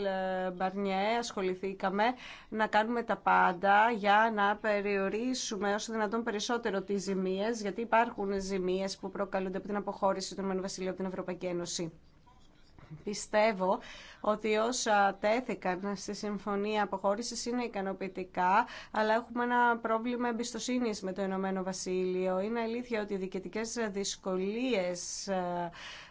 G: Μπαρνιέ ασχοληθήκαμε να κάνουμε τα πάντα για να περιορίσουμε όσο δυνατόν περισσότερο τις ζημίες γιατί υπάρχουν ζημίες που προκαλούνται από την αποχώρηση του Ηνωμένου Βασιλείου από την Ευρωπαϊκή Ένωση. Πιστεύω ότι όσα τέθηκαν στη Συμφωνία αποχώρηση είναι ικανοποιητικά, αλλά έχουμε ένα πρόβλημα εμπιστοσύνη με το Ηνωμένο Βασίλειο. Είναι αλήθεια ότι οι διοικητικές δυσκολίες ε,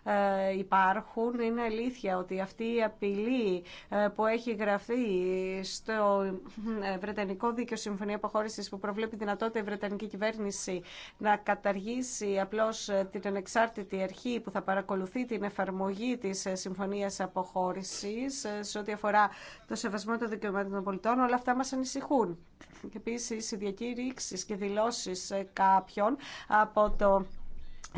G: ε, υπάρχουν. Είναι αλήθεια ότι αυτή η απειλή ε, που έχει γραφτεί στο ε, Βρετανικό Δίκαιο Συμφωνία Αποχώρηση που προβλέπει δυνατότητα η Βρετανική κυβέρνηση να καταργήσει απλώ την ανεξάρτητη αρχή που θα παρακολουθεί την εφαρμογή τη Συμφωνία Αποχώρηση σε ό,τι αφορά το σεβασμό των δικαιωμάτων των πολιτών, όλα αυτά μα ανησυχούν. Επίση, οι διακήρυξει και δηλώσει κάποιων από το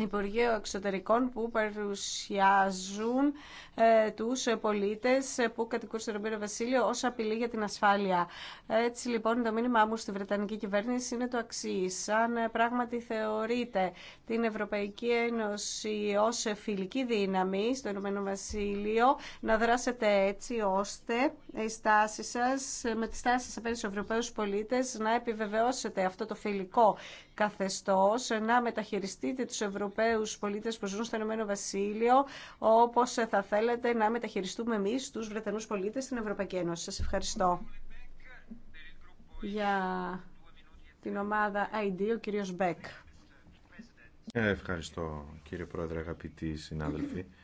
G: Υπουργείο Εξωτερικών που παρουσιάζουν ε, του πολίτες που κατοικούν στο Ευρωπαϊκό Βασίλειο ως απειλή για την ασφάλεια. Έτσι λοιπόν το μήνυμά μου στη Βρετανική κυβέρνηση είναι το αξί. Αν ε, πράγματι θεωρείτε την Ευρωπαϊκή Ένωση ως φιλική δύναμη στο Ηνωμένο Βασίλειο να δράσετε έτσι ώστε οι στάση σας, με τις στάσεις απέναντι στους Ευρωπαίους πολίτες να επιβεβαιώσετε αυτό το φιλικό καθεστώς, να μεταχειριστείτε του Ευρωπαίου πολίτε που ζουν στο Ηνωμένο Βασίλειο όπως θα θέλετε θέλετε να μεταχειριστούμε εμείς τους Βρετανούς πολίτες στην Ευρωπαϊκή Ένωση. Σας ευχαριστώ. Για την ομάδα ID, ο κύριο Μπέκ.
F: Ε, ευχαριστώ κύριε Πρόεδρε, αγαπητοί συνάδελφοι.